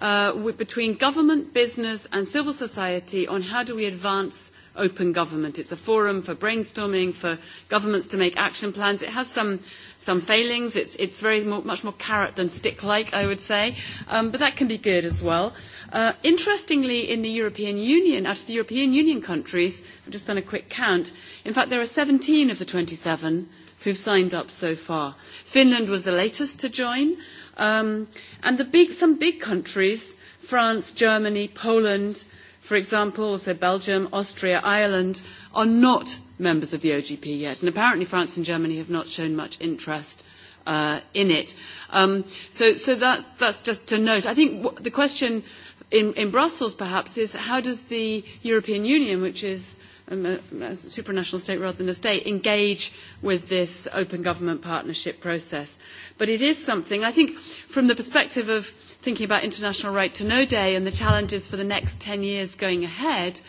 uh, with, between government, business, and civil society on how do we advance open government. It's a forum for brainstorming, for governments to make action plans. It has some, some failings. It's, it's very more, much more carrot than stick-like, I would say. Um, but that can be good as well. Uh, interestingly, in the European Union, out of the European Union countries, I've just done a quick count, in fact, there are 17 of the 27 who've signed up so far. Finland was the latest to join. Um, and the big, some big countries, France, Germany, Poland, For example, so Belgium, Austria, Ireland are not members of the OGP yet, and apparently France and Germany have not shown much interest uh, in it. Um, so, so that's, that's just to note. I think w- the question in, in Brussels perhaps is how does the European Union, which is um, a, a supranational state rather than a state, engage with this open government partnership process. But it is something, I think, from the perspective of thinking about International Right to Know Day and the challenges for the next 10 years going ahead,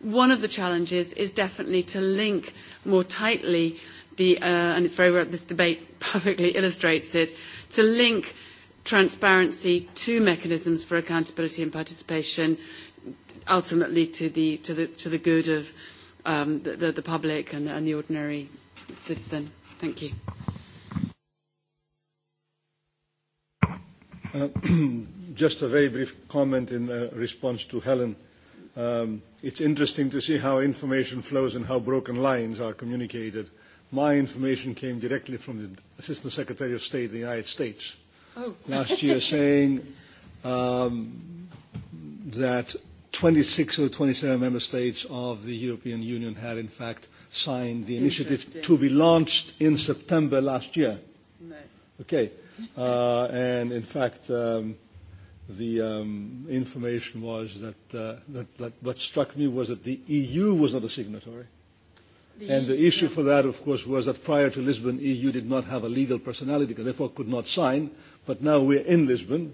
one of the challenges is definitely to link more tightly the, uh, and it's very, this debate perfectly illustrates it, to link transparency to mechanisms for accountability and participation, ultimately to the, to the, to the good of um, the, the public and, and the ordinary citizen. Thank you. Uh, just a very brief comment in uh, response to Helen. Um, it's interesting to see how information flows and how broken lines are communicated. My information came directly from the Assistant Secretary of State of the United States oh. last year saying um, that 26 or 27 member states of the European Union had, in fact, signed the initiative to be launched in September last year. No. Okay. Uh, and in fact, um, the um, information was that, uh, that, that what struck me was that the EU was not a signatory. The and the e issue yeah. No. for that, of course, was that prior to Lisbon, EU did not have a legal personality, therefore could not sign. But now we're in Lisbon,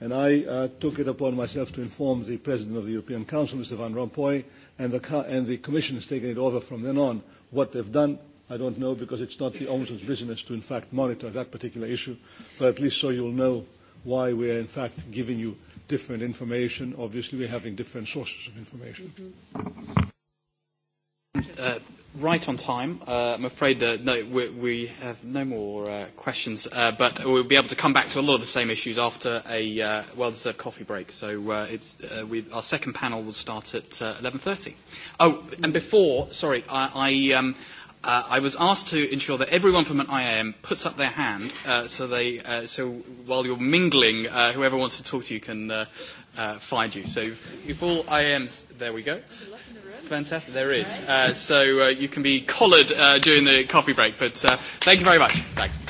And I uh, took it upon myself to inform the President of the European Council, Mr. Van Rompuy, and the, and the Commission has taken it over from then on. What they've done, I don't know, because it's not the Ombudsman's business to, in fact, monitor that particular issue, but at least so you'll know why we are, in fact, giving you different information. Obviously, we're having different sources of information. Mm -hmm. Uh, right on time. Uh, I'm afraid that no, we, we have no more uh, questions, uh, but we'll be able to come back to a lot of the same issues after a uh, well-deserved coffee break. So uh, it's, uh, we've, our second panel will start at uh, 11.30. Oh, and before, sorry, I, I, um, uh, I was asked to ensure that everyone from an IAM puts up their hand uh, so, they, uh, so while you're mingling, uh, whoever wants to talk to you can uh, uh, find you. So if all IAMs, there we go. Fantastic. There is. Uh, so uh, you can be collared uh, during the coffee break. But uh, thank you very much. Thanks.